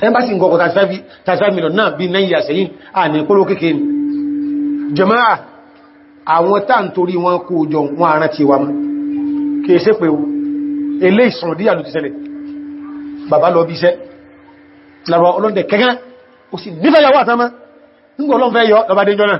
embassy ngọ́kọ̀ 35 million náà bí 9 years yìí à ní kóló kéèkéè ni jẹmáà àwọn táà ń torí wọn kó jọ wọn ara ti wà mú kìí ṣe pé ilé ìsànà díyà ló ti ṣẹlẹ̀ bàbá náà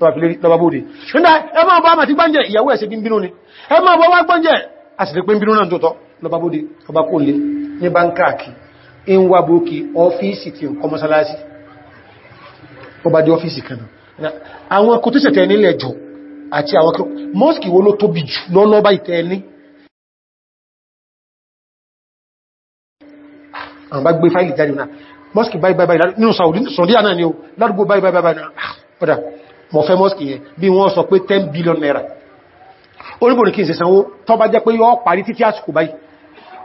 lọ́wọ́ bóde nígbà ẹmọ́ ọba àmà ti gbáǹjẹ́ ìyàwó ẹ̀ṣẹ́ bí ń bínú ni ẹmọ́ ọba wá gbáǹjẹ́ àṣìlẹ̀ pé ń bínú náà tó tọ́ lọ́wọ́ bóde ọba kó lè ní báńkàkì in wà bókì ọ́fíìsì tí ó kọmọsálásí ọba di ọ́fíìsì kan àwọn kò tó sẹ̀tẹ̀ nílẹ̀ jọ àti àwọn mọ́sìkì wo ló báyìí báyìí nínú sàúdí náà ni ó ládùgbò báyìí báyìí báyìí náà mọ̀ fẹ́ mọ́sí yẹn bí wọ́n sọ pé 10 billion naira oníbò ní kí n ṣe sanwó tó bá jẹ́ pé yọ́ parí títí àsìkò báyìí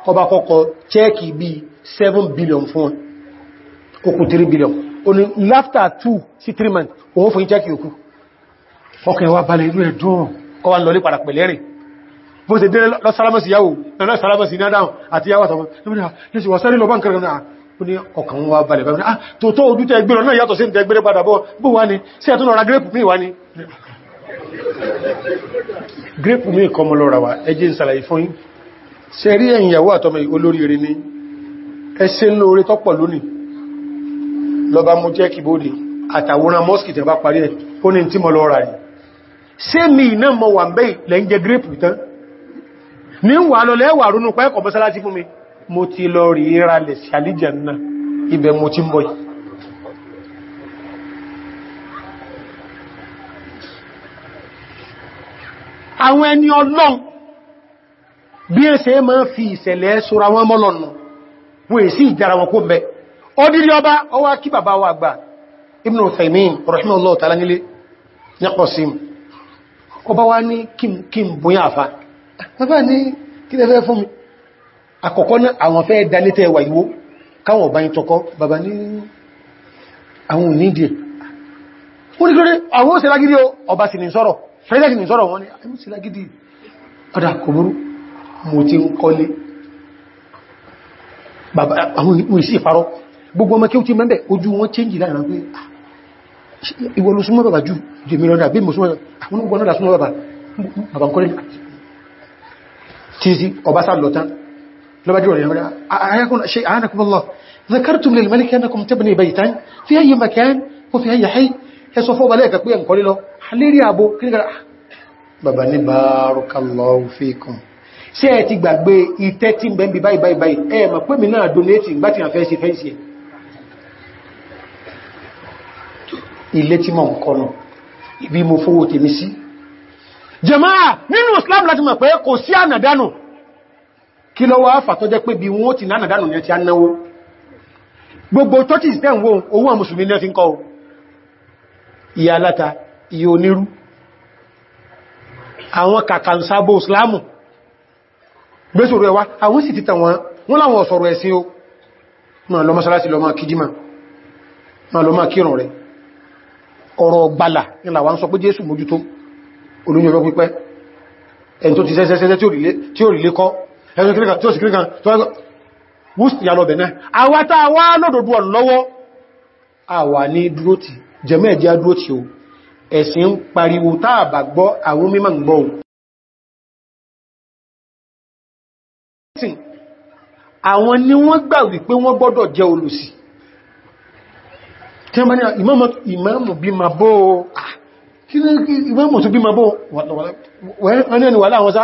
ọba kọ́kọ́ chẹ́ẹ̀kì bí 7 billion fún wọn kòkù 3 billion oní láftà 2 sí 3 months òun fún chẹ́ẹ̀kì òkú ọkẹ̀ wa balẹ̀ inú ẹ̀ dùn kọ́ wa lọlé padà pẹ̀lẹ́ rìn bó ṣe dé lọ sálámọ́sí yàwó lọ sálámọ́sí ah, náà dáhùn àti yàwó àtàwọn ní ọkàn wa balẹ̀ bẹ̀rẹ̀ ah tó tó ojú tẹ́gbẹ̀rẹ̀ náà yàtọ̀ sí ní tẹ́gbẹ̀rẹ̀ padà bọ́ bó wá ní sí ẹ̀tún lọ́ra grẹ́pù mí wá ní grẹ́pù mí kọmọ lọ́ra wa ẹjẹ́ ìsàlàyé fún yín ṣe rí ẹ̀yìnyàwó àtọmọ olórí eré ní ẹsẹ́ lóore tọ́pọ̀ lónìí lọba mú jẹ́ kìbóde àtàwòrán mọ́sìkì tẹ́ bá parí ẹ̀ ó ní tí mọ́ lọ́ra rẹ̀ ṣé mi iná mọ wà mo ti lọ rí ìralẹ̀ sí àlìjànnà ibẹ̀ mo ti ń bọ̀ yìí àwọn ẹni ọlọ́n bí i ṣe máa fi ìṣẹ̀lẹ̀ ṣúra wọn mọ́lọ̀nà wọ́n èsì ìjára wọn kó mẹ́ ọdílé ọba ọwá kí bàbá wa àgbà Ibn Uthaymin rahimahullah ta'ala nílé yaqsim ọba wá ní kí n bóyá àfá bàbá ní kí lẹ́fẹ́ fún mi àkọ́kọ́ náà àwọn fẹ́ dalẹ́tẹ̀ ẹwà ìwó káwọn ọba yìí tọkọ bàbá ní àwọn onídì ó ní lórí àwọn ó sẹ́lágídí ọba sì ní sọ́rọ̀ fẹ́lẹ́sì ní sọ́rọ̀ wọn ni àwọn sẹ́lágídí ọ̀dà kòmúrú mo ti ń kọ́lé àwọn ìsì ìfarọ́ gbogbo ọmọ kí ó ti mẹ́bẹ̀ ojú wọn chéńjì láàrín pé ah, ìwọ ló súnmọ́ bàbá jù ọba sá lọ tán لبجوا لي أعانكم الله ذكرتم للملك أنكم تبني بيتا في أي مكان وفي أي حي يصفوا بلاك أكوية نقول له حليري أبو كنقر bàbá ní barakallahu fikum ṣé ẹ ti gbàgbé ìtẹ́ tí ń bẹ́ ń bí báyìí báyìí báyìí ẹ mọ̀ pé mi náà donate ìgbà tí a fẹ́ ṣe fẹ́ ṣe ilé tí mọ̀ ń kọ́nà ibi mo fowó tèmi sí jàmáà nínú Islam láti mọ̀ pé kò sí ànàdánù kí lọ wá fà tọ́jẹ́ pé bí wọ́n ti nánà dánù yẹn ti á náwó gbogbo tọ́tí ìsìtẹ́ ìwò owó àmùsùlùmí ní ọ́fí ń kọ́ ìyà aláta ìyà onírú àwọn kàkànsábò islamu gbésòrò ẹwà àwọn sì títà wọn wọ́n láwọn ọ̀sọ̀rọ̀ ẹ̀sìn o máa lọ mọ́sálásí lọ máa kìdímà ti ẹ̀sùn kìrìkan tí ó sì kìrìkan tó ẹgbẹ́ wùsùn yà lọ́bẹ̀ náà àwátá wá lọ́dọ̀dọ̀ ọ̀lọ́wọ́ àwà ní dúrótì jẹ́mẹ́ ẹ̀jẹ́ dúrótì o
ẹ̀sìn ń pariwo táàbà gbọ́ àwọn mímọ̀ gbọ́
àwọn ni wọ́n gbà wípé wọ́n gbọ́dọ̀ jẹ́ olùsì tí wọ́n bá ní ìmáàmù bí ma tó bí ma bó wọ́n ní ẹni wà láwọn sá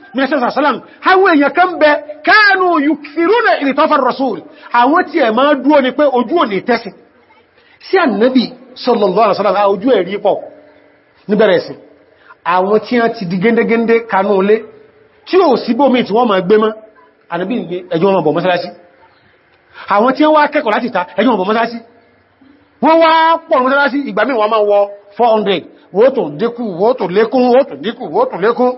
mẹ́sẹ̀sà sálàm àwọn èèyàn kan bẹ káànù yùkfìrúnà ìrìtọ́fà rasul àwọn tí ẹ máa dúó ni pé ojú ò ní tẹ́sì sí ànábì sallallahu alaihi wasallam a ti di gẹ́ndẹ́gẹ́ndẹ́ kanú lé tí ó sí bó mìí tí wọ́n máa gbé mọ́ ànábì ń gbé ẹjọ́ wọn bọ̀ mọ́sálásí àwọn tí wọ́n kẹ́kọ̀ọ́ láti ta ẹjọ́ wọn bọ̀ mọ́sálásí wọ́n wá pọ̀ mọ́sálásí ìgbà míì wọ́n máa wọ 400 wọ́n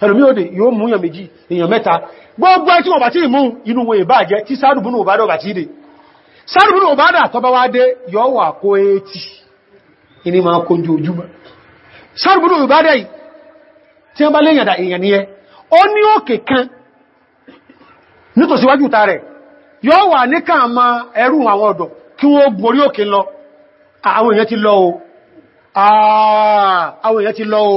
ẹlòmí òde yóò mú èèyàn méjì èèyàn mẹ́ta gbogbo ẹ̀ tí wọ́n bá tí mú inú wọn ìbá jẹ́ tí sáàrùbùnú òbádọ̀ bá tí dé sáàrùbùnú òbádọ̀ àtọ́bá wá dé yọ wà kó etí yọ àwọn èèyàn ti lọ o àwọn èèyàn ti lọ o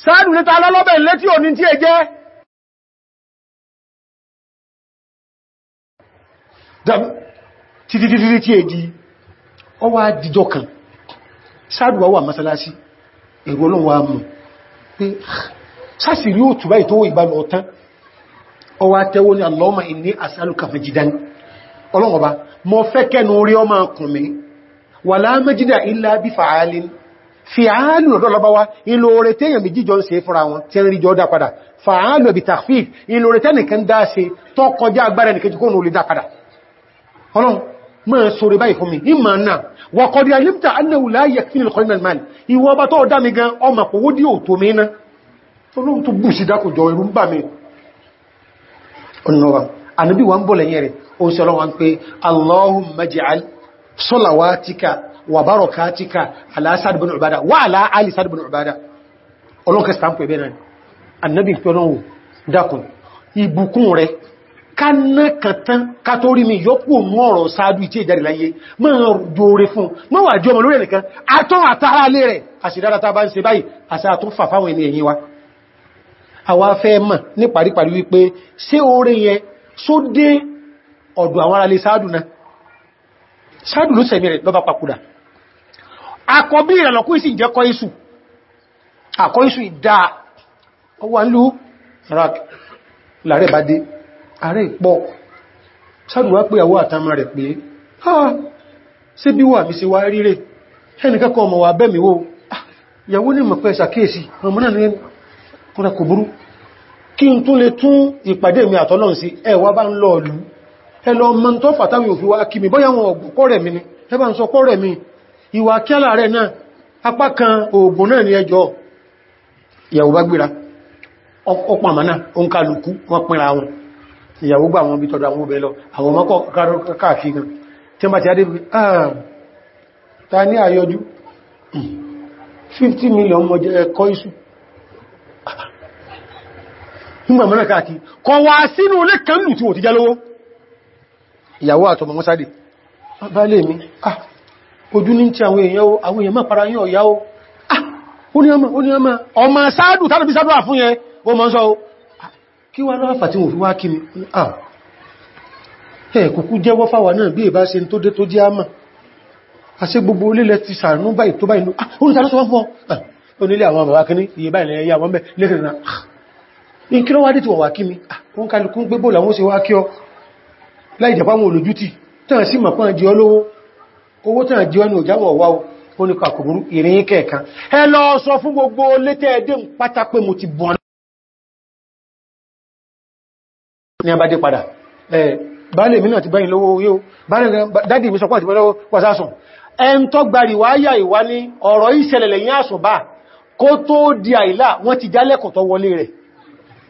sáàdù níta alọ́lọ́bẹ̀ létí òní tí è jẹ́ títítítí tí è di ọ wá dìjọ kan sáàdù wà wà masalasi èrò olóhun wa mú pé sáàsìrí ò túbá ìtówó ìbálò ọ̀tán ọ wá tẹ́wọ́ ní Allahumma inni as'aluka majidan ọlọ́wọ́ ba mọ́ fìhálù lọ́dọ́lọ́báwá ilò oore tí èyàn méjì jọ ń ṣe fúnra wọn tí ń rí jọ dá padà fàálù ẹ̀bì tàfíì ilò oore tẹ́nìkan dá ṣe tó kọjá agbára ẹnìkejì kóòrò olè dá padà ọlọ́run máa sóre báyìí fún mi ìmọ̀ náà wọ̀kọ̀dí alímta annáwù láyé fílì kọ́nìmọ̀lì ìwọ ọba tó dá mi وبركاتك على سعد بن عبادة وعلى آل سعد بن عبادة ọlọ́n kẹsìtà ń pè bẹ́ẹ̀ náà annabi pẹ̀lú ọ̀hún dákùn ìbùkún rẹ̀ kánákàtán kátórí mi yọ́pù mú ọ̀rọ̀ sáájú tí ìjáde láyé máa jòrè fún máa wà jọ ọmọ lórí ẹnìkan àtọ́ àtàrà lé rẹ̀ àṣìdára tá bá ń ṣe báyìí àṣà tó fà fáwọn ẹni ẹ̀yìn wa àwa fẹ́ mọ̀ ní paríparí wípé ṣé oore yẹn só dé ọ̀dọ̀ àwọn ará lè sáájú náà sáájú ló sẹ̀mí rẹ̀ lọ́bá papùdà àkọ́bí ìrànlọ́kú ìsì jẹ́ kọ́ ìsù àkọ́ ìsù ìdá ọwà ló iraq láàrẹ bá dé ààrẹ ìpọ̀ sáàdùwá pé àwọ́ àtàmà rẹ̀ pé ah sí bí wà bí sí wá ríre ẹnikẹ́kọ́ ọmọ wà bẹ́mi wó ah, yàwó ní mọ̀ pẹ́ sàkíyèsí ọmọ náà ní kúrẹ kò burú kí n tún lè tún mi àtọ́lọ́n sí ẹwà ẹbá ń sọ kọ́ rẹ̀ mi ìwà kí aláàrẹ náà apá kan oògùn náà ní ẹjọ́ ìyàwó bá gbéra ọ̀pọ̀ àmànà oǹkàlùkú wọ́n pínra wọn ìyàwó gbà wọn bí tọ́dọ̀ àwọn obẹ̀ lọ àwọn ọmọkọ̀ káàkiri isu ah, ìyàwó àtọmọ̀ bá lè mi ah, ojú ní tí àwọn èèyàn àwọn èèyàn máa para yíò yáó ah oníyàmá ọmọ sáàdù tánàbí sáàdù àfún yẹn wọ́n mọ́ sọ ah, kí wá lọ́fà tí wọ́n fi wá kí mi ah ẹ̀ kùkú jẹ́wọ́ fáwà náà bí ìbá ṣe tó dé tó jẹ́ àmà àṣẹ gbogbo olílẹ̀ ti sàánú báyìí tó ah onílé ah, àwọn bàbá kíní iye báyìí lẹ́yà ah, wọ́n bẹ́ lẹ́rìnà in kí mi wọ́n kálukú gbébò làwọn ó ṣe wá kí ọ láìjẹ̀pá wọn olójútì tán owó tàn jí ni òjáwọ̀ wá ó ní kàkùrù ìrìn kẹ̀ẹ̀kan ẹ lọ sọ fún gbogbo létẹ́ ẹdẹ́ ń pátá pé mo ti bọ́n ní abájé padà báálẹ̀ mi náà ti báyìí lówó yóò dádì mi sọpọ̀ àti mẹ́lọ́wọ́ wàsásùn ẹn tó gbàrí wáyà ìwá ní ọ̀rọ̀ ìṣẹ̀lẹ̀ lẹ́yìn àṣọ̀bá kó tó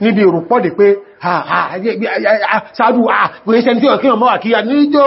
níbi ìrùpọ̀dẹ̀ pé ha ha ṣáájú ha gbèsẹ̀ ní tí ọ̀kí ọmọ àkíyà níjọ́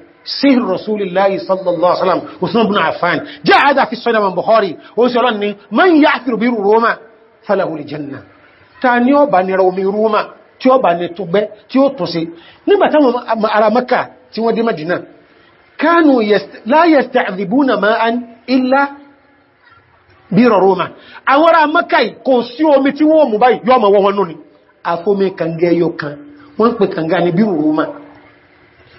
سهر رسول الله صلى الله عليه وسلم وثمان بن عفان جاء هذا في السنة من بخاري وسيراني من يعثر بير روما فله لجنة tani ọba ni romi roma tí ọba ni tugbẹ́ tí ó tó sí nígbàtá ara maka tí wọ́n dé Madina kánù láyẹ̀stẹ̀ àdìbúnà máa ń ilá bírọ̀ roma àwọn ará maka kò sí omi tí wọ́n mú báyìí yọ́ ma wọ́n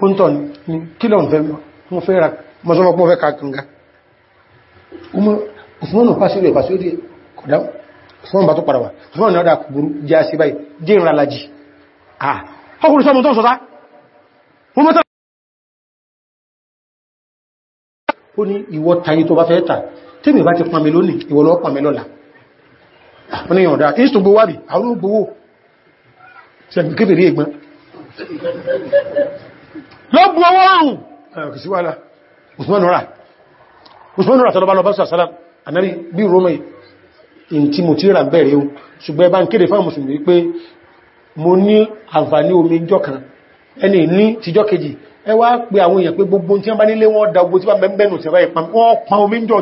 púntọ̀n ní kílọ̀ fẹ́ mọ́ fẹ́ ra mọ́sánmọ́pọ́ fẹ́ kàkànga Usmanu pàṣí rẹ̀ pàṣí rẹ̀ kọ̀dá Usmanu bá tó padà wà Usmanu náà kùgbùrú jẹ́ àṣì báyìí jẹ́ ìrìnlàlájì ah
ọkùnrin sọ́mọ́ tó ń sọ́sá wọ́n mọ́ta
ó ní ìwọ tayí tó bá fẹ́ tà tí mi bá ti pàmì lónìí ìwọ lọ pàmì lọ́la wọ́n ni ọ̀dá ìsìtò gbówó àbì ló bu owó ọ̀rùn kì sí wàhálà Usman rà Usman rà tọ́lọ́bá lọ́bá sàsálà ànárí bí Roma in tí mo ti rà bẹ̀rẹ̀ o ṣùgbọ́n ẹbá ń kéde fáwọn mùsùlùmí pé mo ní àǹfààní omi jọ kan ẹni ní tijọ́ kejì ẹ wá pé àwọn èèyàn pé gbogbo tí wọ́n bá nílé wọn da gbogbo tí wọ́n bẹ̀ẹ̀nù tí wọ́n pọn omi jọ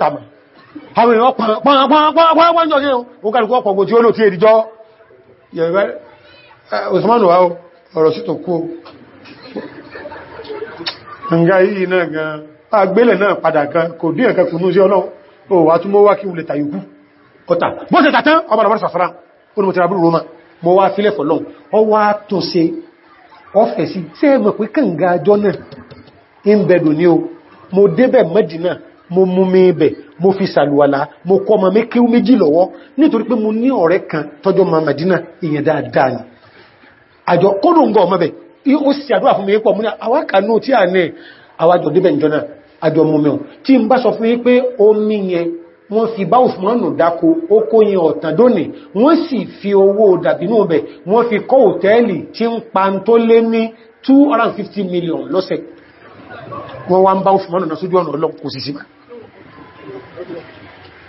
tèmi ha èèyàn pàápàápàápàápàápàájọ ní o kàrùkú ọ̀pọ̀ gbò tí ó lò tí èdìjọ́ yẹ̀rẹ̀ òsùmánù wá ọ̀rọ̀ sí tó kú ǹgá yìí náà gan agbélẹ̀ náà padà gan kò dí ẹ̀kẹ́ kùnú sí ọlọ́run o wà tún mọ́ wá kí wùlẹ̀ tàyùkú wá o mo débẹ̀ mo mú mi ibẹ̀ mo fi sàlùwàlá mo kọ́ ọmọ mékíú méjì lọ́wọ́ nítorí pé mo ní ọ̀rẹ́ kan tọ́jọ́ ma Màdínà èèyàn dáadáa ni àjọ kódò ń gọ́ ọmọ bẹ̀ ó sì àdúrà fún mi pọ̀ mú ní àwákanú tí a ní àwájọ débẹ̀ ìjọna àjọ mú mẹ́un tí ń bá sọ fún yín pé omi yẹn wọ́n fi bá òfúnmọ́nù dáko ókó yẹn ọ̀tàn dóní wọ́n sì fi owó dàbínú bẹ̀ million lọ́sẹ̀ wọ́n wá ń bá òfúnmọ́nù náà sójú ọ̀nà ọlọ́pù kò sì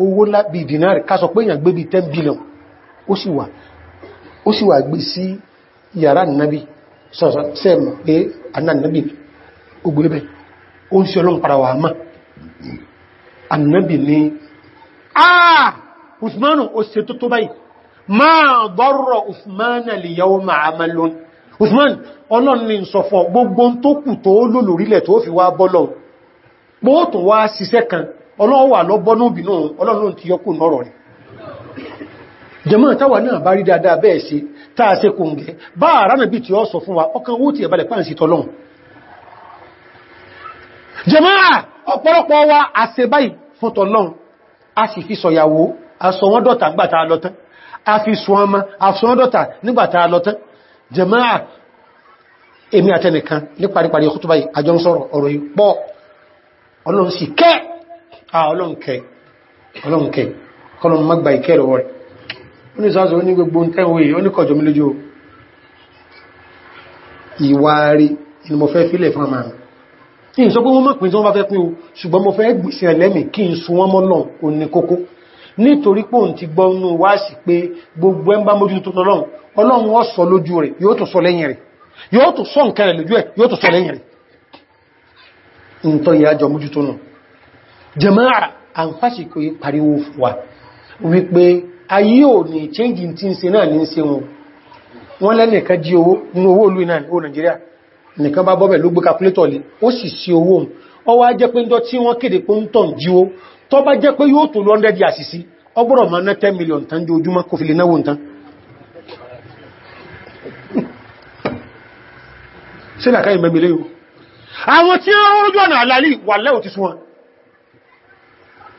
owó lábí dínárì ká sọ pé èyàn gbé bí 10 billion ó sì wà ó sì wà gbé sí yàrá nàbí sọ̀sọ̀ sẹ́mọ̀ pé annabi ogbébẹ̀ ó ń sí ọlọ́run mọ́ annabi ni àà usmanu ó ṣe tó tó báyìí máa dọ́rọ̀ usmanu lè yàwó máa mẹ́lọ́n usman ọlọ́run ni sọ̀fọ̀ gbogbo tó kù tó lò tó fi wá bọ́lọ̀ pọ́ wá ṣiṣẹ́ kan ọlọ́run wà lọ bọ́nú bínú ọlọ́run ti yọkù nọ́rọ̀ rẹ̀ jẹmọ́ táwà náà bá rí dáadáa bẹ́ẹ̀ sí táà sí kò ń gẹ́ bá àránà bí tí ó sọ fún wa ọkàn owó ti ẹ̀bàlẹ̀ pàǹsì tọ́lọ́run a sì fi sọ̀yàwó aṣọ wọn dọ̀tà a fi sọ ọmọ aṣọ wọn dọ̀tà nígbàtà lọ́tán jẹmọ́ èmi àtẹnìkan ní paríparí ọkùtù báyìí àjọ ń sọ̀rọ̀ ọ̀rọ̀ yìí ọlọ́run sì kẹ́ẹ̀ ọlọ́nkẹ ah, ọlọ́nkẹ kọlọm magba ìkẹrẹ wọ́rẹ̀ ó ní sọ́sọ́ ó ní gbogbo tẹ́wọ́ yìí ó ní kọjọ mílójú ìwárí ni mo fẹ́ fílẹ̀ fún àmàrin kí n sọ pé wọ́n mọ̀ pín tí wọ́n bá fẹ́ pín o ṣùgbọ́n mo fẹ́ gbèsè ẹ̀lẹ́mì kí n sun wọ́n mọ́ náà ò ní kókó nítorí pò ń ti gbọ́ inú jama'a a ń fásitì pariwo wa wípé ayé ò ní change tí ń ṣe náà ní ṣe wọn wọ́n ji jí owó nínú owó olú náà ó Nàìjíríà nìkan bá bọ́bẹ̀ ló gbé calculator lé ó sì sí owó òun wá jẹ́ pé ń tí wọ́n kéde di ọgbọ́rọ̀ ma ná 10 million tán jẹ́ ojúmọ́ kò fi lè náwó tán sílẹ̀ káyìn àwọn tí ó àlàlì wà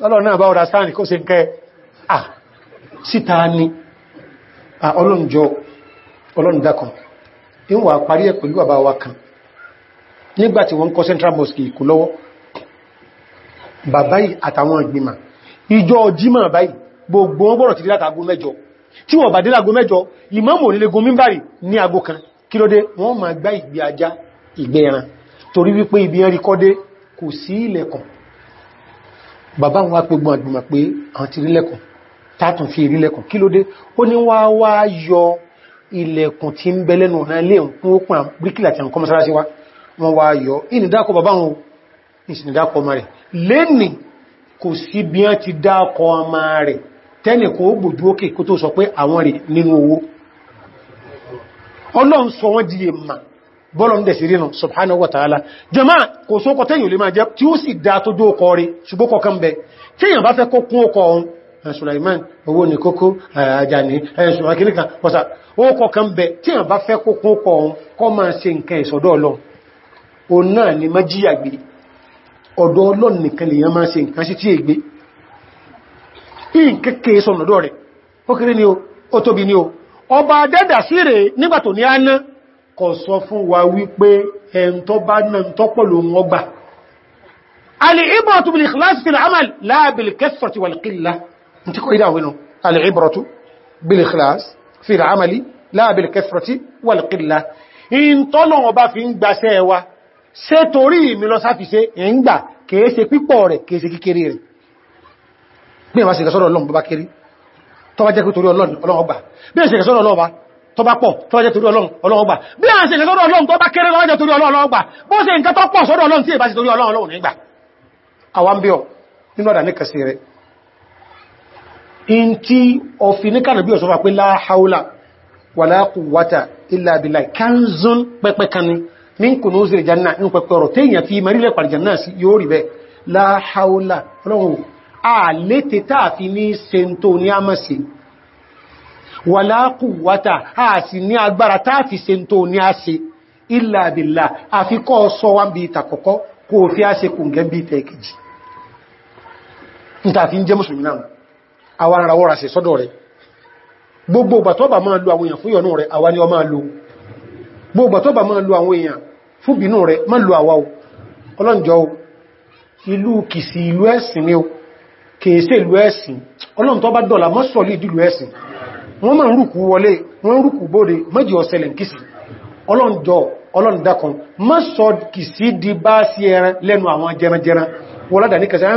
lọ́lọ́ náà bá ọ̀rà sáà ní kó se ń kẹ́ à síta ní à ọlọ́njọ́ ọlọ́ndakùn in wà parí ẹ̀ pẹ̀lú bàbá wa kan nígbàtí wọ́n kọ́ central mosque ìkú lọ́wọ́ bàbá yìí àtàwọn ìgbìmọ̀ ìjọ jímọ̀ báyìí gbogbo wọn bọ̀rọ̀ ti dé láti ago mẹ́jọ tí wọ́n bá dé lágo mẹ́jọ ìmáàmù onílegun torí wípé ibi ẹran rí kọ́dé kò sí ilẹ̀kùn bàbá wọn apogbọn àgbìmọ̀ pé àwọn ti rílẹ̀kùn tátùn fi rílẹ̀kùn kí ló dé ó ní wá wá yọ ilẹ̀kùn tí ń bẹ lẹ́nu ọ̀nà ilé òkun ókùn bríkìlà tí àwọn kọmọsára sí wá wọ́n wá yọ ìnìdákọ bàbá wọn ìsìnìdákọ bọ́lọ̀ dẹ̀ sí rínà subhanahu wa ta'ala jẹma kò só kọ tẹ́yìn olè máa jẹ tí ó sì dá tó jó ọkọ̀ rí ṣùgbọ́n kọ kan bẹ tíyàn bá fẹ́ kó kún ọkọ̀ ọun Sulaiman owó ní kókó àjàní ẹ̀ṣùnwàkíníkà pọ̀sà ó kọ kan bẹ tíyàn bá fẹ́ ni má jíyà gbé ọ̀dọ̀ Ọlọ́run nìkan lèyàn máa ṣe nǹkan sí tí è ni o ni o kò sọ fún wa wípé ẹn tó bá náà tọ́pọ̀ ló ń ọgbà alìíbrọ̀tù bil ikhlas fil amal la bil kathrati wal qilla tí kò ìdáwé nù alìíbrọ̀tù bil ikhlas fil amali la bil kathrati wal qilla in tọ́nà ọba fi ń gbaṣẹ́ wa ṣe torí mi lọ sáfiṣe ń gbà tó bá pọ̀ tó wájẹ́ torí ọlọ́run ọlọ́run gbà bí a ṣe lè sọ́dọ̀ ọlọ́run tó bá kéré lọ́wọ́jẹ́ torí ọlọ́run gbà bó ṣe nǹkan tó pọ̀ sọ́dọ̀ ọlọ́run tí è bá ṣe torí ọlọ́run nígbà àwọn bí ọ la hawla wala quwwata illa billahi kanzun pẹ́pẹ́ ni min kunuzil janna inú pẹ́pẹ́ ọ̀rọ̀ téèyàn fi marílẹ̀ pàrìjànà sí yóò rí la hawla ọlọ́run a lè tẹ́ta àfi ní sentó ní àmàsí wàlá quwwata a sì ní agbára táàfi se tó ní a se illa billah àfikọ́ sọ wá bí ìtàkọ́kọ́ kó fi a se kùngẹ́ bí tẹ́kìjì nítàfí ń jẹ́ mùsùlùmí náà àwọn ara wọ́ra sí sọ́dọ̀ rẹ̀ gbogbo bàtọ́bà máa lo àwọn èèyàn fún yọ̀nú rẹ̀ àwa ni ọ máa kìsì ìlú ẹ̀sìn ni o kèèsè ìlú ẹ̀sìn ọlọ́n tó bá dọ̀là mọ́sọ̀lú ìdílù ẹ̀sìn wọ́n máa ń rùkú wọlé wọ́n rùkú bóde méjì ọ̀sẹ̀lẹ̀ kìsì ọlọ́njọ́ ọlọ́ndakùn má sọ kìsì di bá sí ẹran lẹ́nu àwọn jẹranjẹran wọ́ládà ní kẹsẹ̀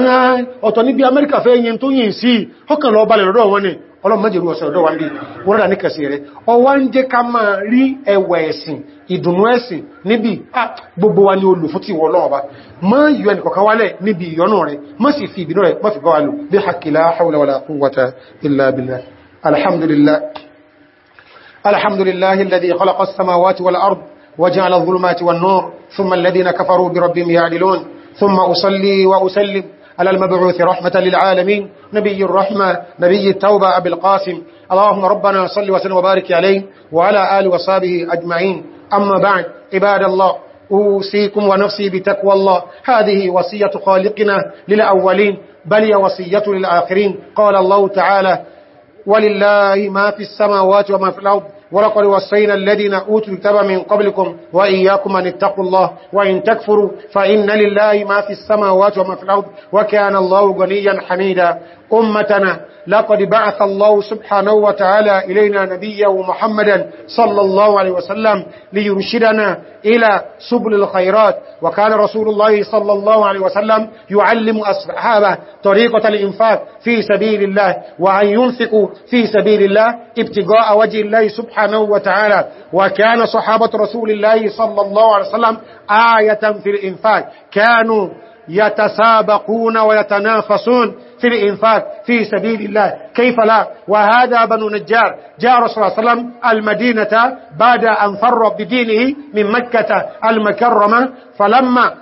ọ̀tọ̀ níbi amẹ́ríkà fẹ́ yẹn tó yìn sí ọkàn lọ balẹ̀ lọ́dọ̀ wọn ni ọlọ́mọdéru ọ̀sẹ̀ ọ̀dọ́ wa ń bí wọ́ládà ní kẹsẹ̀ rẹ̀ ọwá ń jẹ́ ká máa rí ẹwà ẹ̀sìn ni olù fún ti wọ lọ́ọ̀bá má yọ ẹnì kọ̀kan wálẹ̀ níbi ìyọnú wala quwwata illa billah الحمد لله الحمد لله الذي خلق السماوات والأرض وجعل الظلمات والنور ثم الذين كفروا بربهم يعدلون ثم أصلي وأسلم على المبعوث رحمة للعالمين نبي الرحمة نبي التوبة أبي القاسم اللهم ربنا صل وسلم وبارك عليه وعلى آل وصابه أجمعين أما بعد عباد الله أوصيكم ونفسي بتقوى الله هذه وصية خالقنا للأولين بل وصية للآخرين قال الله تعالى ولله ما في السماوات وما في الأرض ولقد وصينا الذين أوتوا الكتاب من قبلكم وإياكم أن اتقوا الله وإن تكفروا فإن لله ما في السماوات وما في الأرض وكان الله غنيا حميدا أمتنا لقد بعث الله سبحانه وتعالى إلينا نبيه محمدا صلى الله عليه وسلم ليرشدنا إلى سبل الخيرات وكان رسول الله صلى الله عليه وسلم يعلم أصحابه طريقة الإنفاق في سبيل الله وأن ينفقوا في سبيل الله ابتغاء وجه الله سبحانه وتعالى وكان صحابة رسول الله صلى الله عليه وسلم آية في الإنفاق كانوا يتسابقون ويتنافسون في الإنفاق في سبيل الله كيف لا وهذا بن نجار جاء رسول الله صلى الله عليه وسلم المدينة بعد أن فر بدينه من مكة المكرمة فلما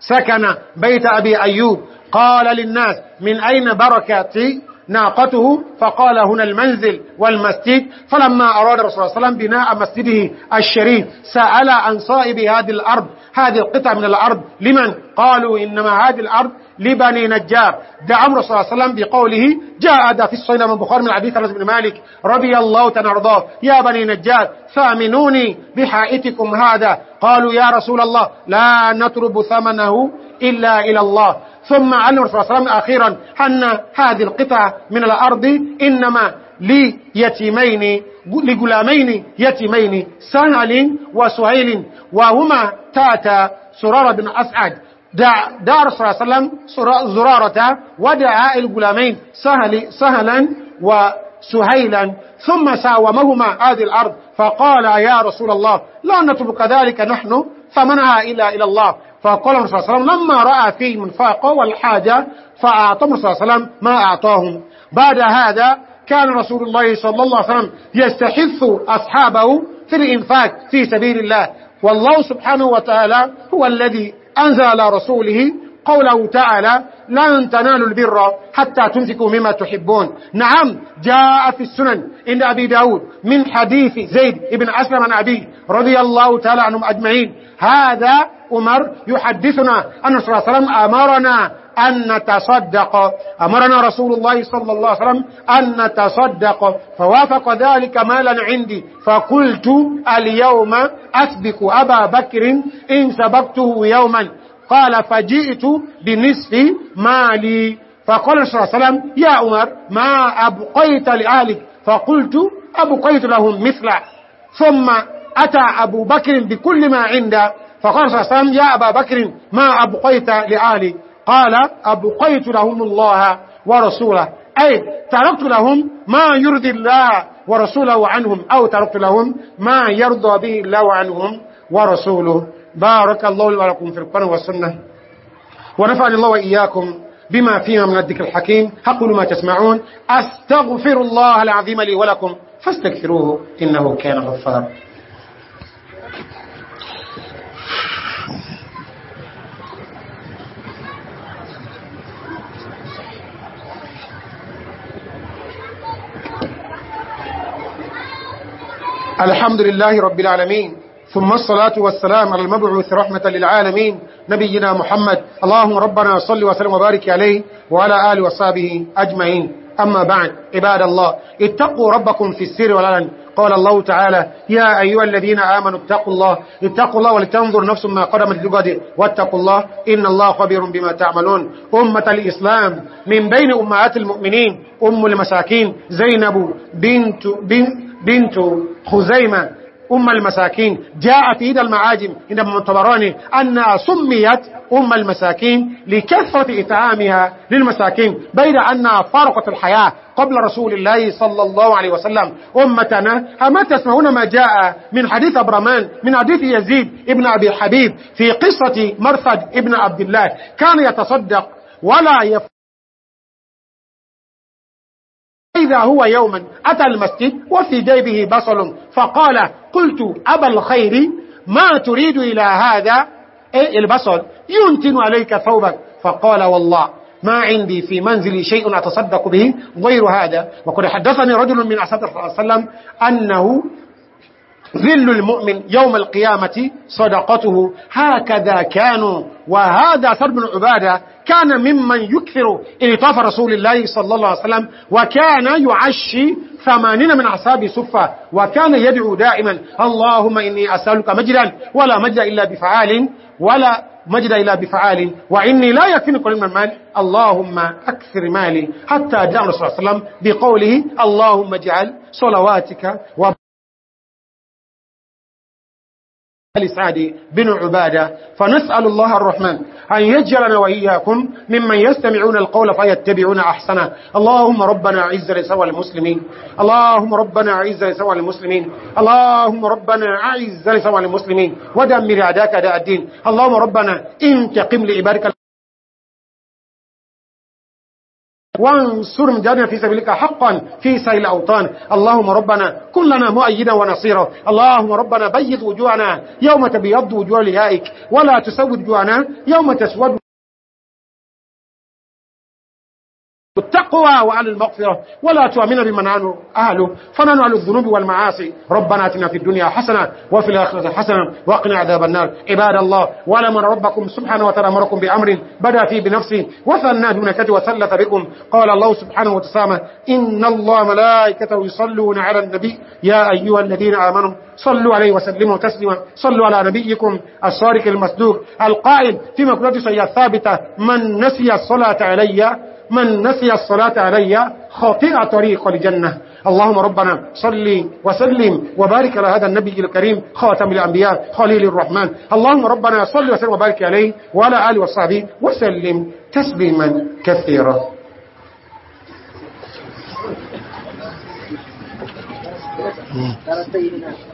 سكن بيت أبي أيوب قال للناس من أين بركتي ناقته فقال هنا المنزل والمسجد فلما أراد رسول الله صلى الله عليه وسلم بناء مسجده الشريف سأل عن صائب هذه الأرض هذه القطع من الأرض لمن قالوا إنما هذه الأرض لبني نجار دعم رسول الله صلى الله عليه وسلم بقوله جاء دا في الصين من بخار من عبيث بن مالك رضي الله تنرضاه يا بني نجار فامنوني بحائتكم هذا قالوا يا رسول الله لا نترب ثمنه إلا إلى الله ثم علم الرسول صلى الله عليه وسلم أخيرا أن هذه القطعة من الأرض إنما ليتيمين لغلامين يتيمين سهل وسهيل وهما تاتا سرارة بن أسعد دع دار صلى الله عليه وسلم زرارة ودعا الغلامين سهل سهلا وسهيلا ثم ساومهما هذه الأرض فقال يا رسول الله لا نترك ذلك نحن فمنها إلى إلى الله فقال النبي صلى الله عليه وسلم لما رأى فيهم الفاقة والحاجة فأعطى الرسول صلى الله عليه وسلم ما أعطاهم بعد هذا كان رسول الله صلى الله عليه وسلم يستحث أصحابه في الإنفاق في سبيل الله والله سبحانه وتعالى هو الذي أنزل على رسوله قوله تعالى لن تنالوا البر حتى تنفقوا مما تحبون نعم جاء في السنن عند أبي داود من حديث زيد بن أسلم عن أبي رضي الله تعالى عنهم أجمعين هذا عمر يحدثنا أن صلى الله عليه وسلم أمرنا أن نتصدق أمرنا رسول الله صلى الله عليه وسلم أن نتصدق فوافق ذلك مالا عندي فقلت اليوم أسبق أبا بكر إن سبقته يوما قال فجئت بنصف مالي فقال صلى الله عليه وسلم يا عمر ما أبقيت لأهلك فقلت أبقيت لهم مثله ثم أتى أبو بكر بكل ما عنده فقال صلى الله عليه وسلم يا أبا بكر ما أبقيت لآلي قال أبقيت لهم الله ورسوله أي تركت لهم ما يرضي الله ورسوله عنهم أو تركت لهم ما يرضى به الله عنهم ورسوله بارك الله ولكم في القرآن والسنة ونفعني الله وإياكم بما فيها من الذكر الحكيم أقول ما تسمعون أستغفر الله العظيم لي ولكم فاستكثروه إنه كان غفارا الحمد لله رب العالمين ثم الصلاة والسلام على المبعوث رحمة للعالمين نبينا محمد اللهم ربنا صل وسلم وبارك عليه وعلى آله وصحبه أجمعين أما بعد عباد الله اتقوا ربكم في السر والعلن قال الله تعالى يا أيها الذين آمنوا اتقوا الله اتقوا الله ولتنظر نفس ما قدمت لقد واتقوا الله إن الله خبير بما تعملون أمة الإسلام من بين أمهات المؤمنين أم المساكين زينب بنت, بنت بنت خزيمة أم المساكين جاء في إيد المعاجم عند ابن أنها سميت أم المساكين لكثرة إتعامها للمساكين بيد أنها فارقت الحياة قبل رسول الله صلى الله عليه وسلم أمتنا أما تسمعون ما جاء من حديث أبرمان من حديث يزيد ابن أبي حبيب في قصة مرثد ابن عبد الله
كان يتصدق ولا يفعل
إذا هو يوما أتى المسجد وفي جيبه بصل فقال قلت أبا الخير ما تريد إلى هذا إيه البصل ينتن عليك ثوبك فقال والله ما عندي في منزلي شيء أتصدق به غير هذا وقد حدثني رجل من أصحاب الرسول صلى الله عليه وسلم أنه ذل المؤمن يوم القيامة صدقته هكذا كانوا وهذا سر بن عبادة كان ممن يكثر إلطاف رسول الله صلى الله عليه وسلم وكان يعشي ثمانين من عصاب صفة وكان يدعو دائما اللهم إني أسألك مجدا ولا مجد إلا بفعال ولا مجد إلا بفعال وإني لا يكفيني قليل من المال اللهم أكثر مالي حتى جاء رسول الله صلى الله عليه وسلم بقوله اللهم اجعل صلواتك وبركاته لسعد بن عبادة فنسأل الله الرحمن أن يجعلنا وإياكم ممن يستمعون القول فيتبعون أحسنا اللهم ربنا عز لسوى المسلمين اللهم ربنا عز لسوى المسلمين اللهم ربنا عز لسوى المسلمين ودمر عداك داء الدين اللهم ربنا انتقم لعبادك
وانصر مجاهدنا في سبيلك
حقا في سيل الأوطان اللهم ربنا كلنا مؤيدا ونصيرا اللهم ربنا بيض وجوهنا يوم تبيض وجوه لهائك ولا تسود وجوهنا يوم تسود
التقوى وعلى المغفرة
ولا تؤمن بمن أهله فمن الذنوب والمعاصي ربنا اتنا في الدنيا حسنة وفي الآخرة حسنة وقنا عذاب النار عباد الله ولمن ربكم سبحانه وتعالى امركم بأمر بدأ فيه بنفسه وثنى دونك وثلث بكم قال الله سبحانه وتعالى إن الله ملائكته يصلون على النبي يا أيها الذين آمنوا صلوا عليه وسلموا تسليما صلوا على نبيكم الصارق المصدوق القائم في مقولة سيئة ثابتة من نسي الصلاة علي من نسي الصلاة علي خطيئة طريق لجنة اللهم ربنا صل وسلم وبارك على هذا النبي الكريم خاتم الأنبياء خليل الرحمن اللهم ربنا صل وسلم وبارك عليه وعلى آله وصحبه وسلم تسليما كثيرا Mm.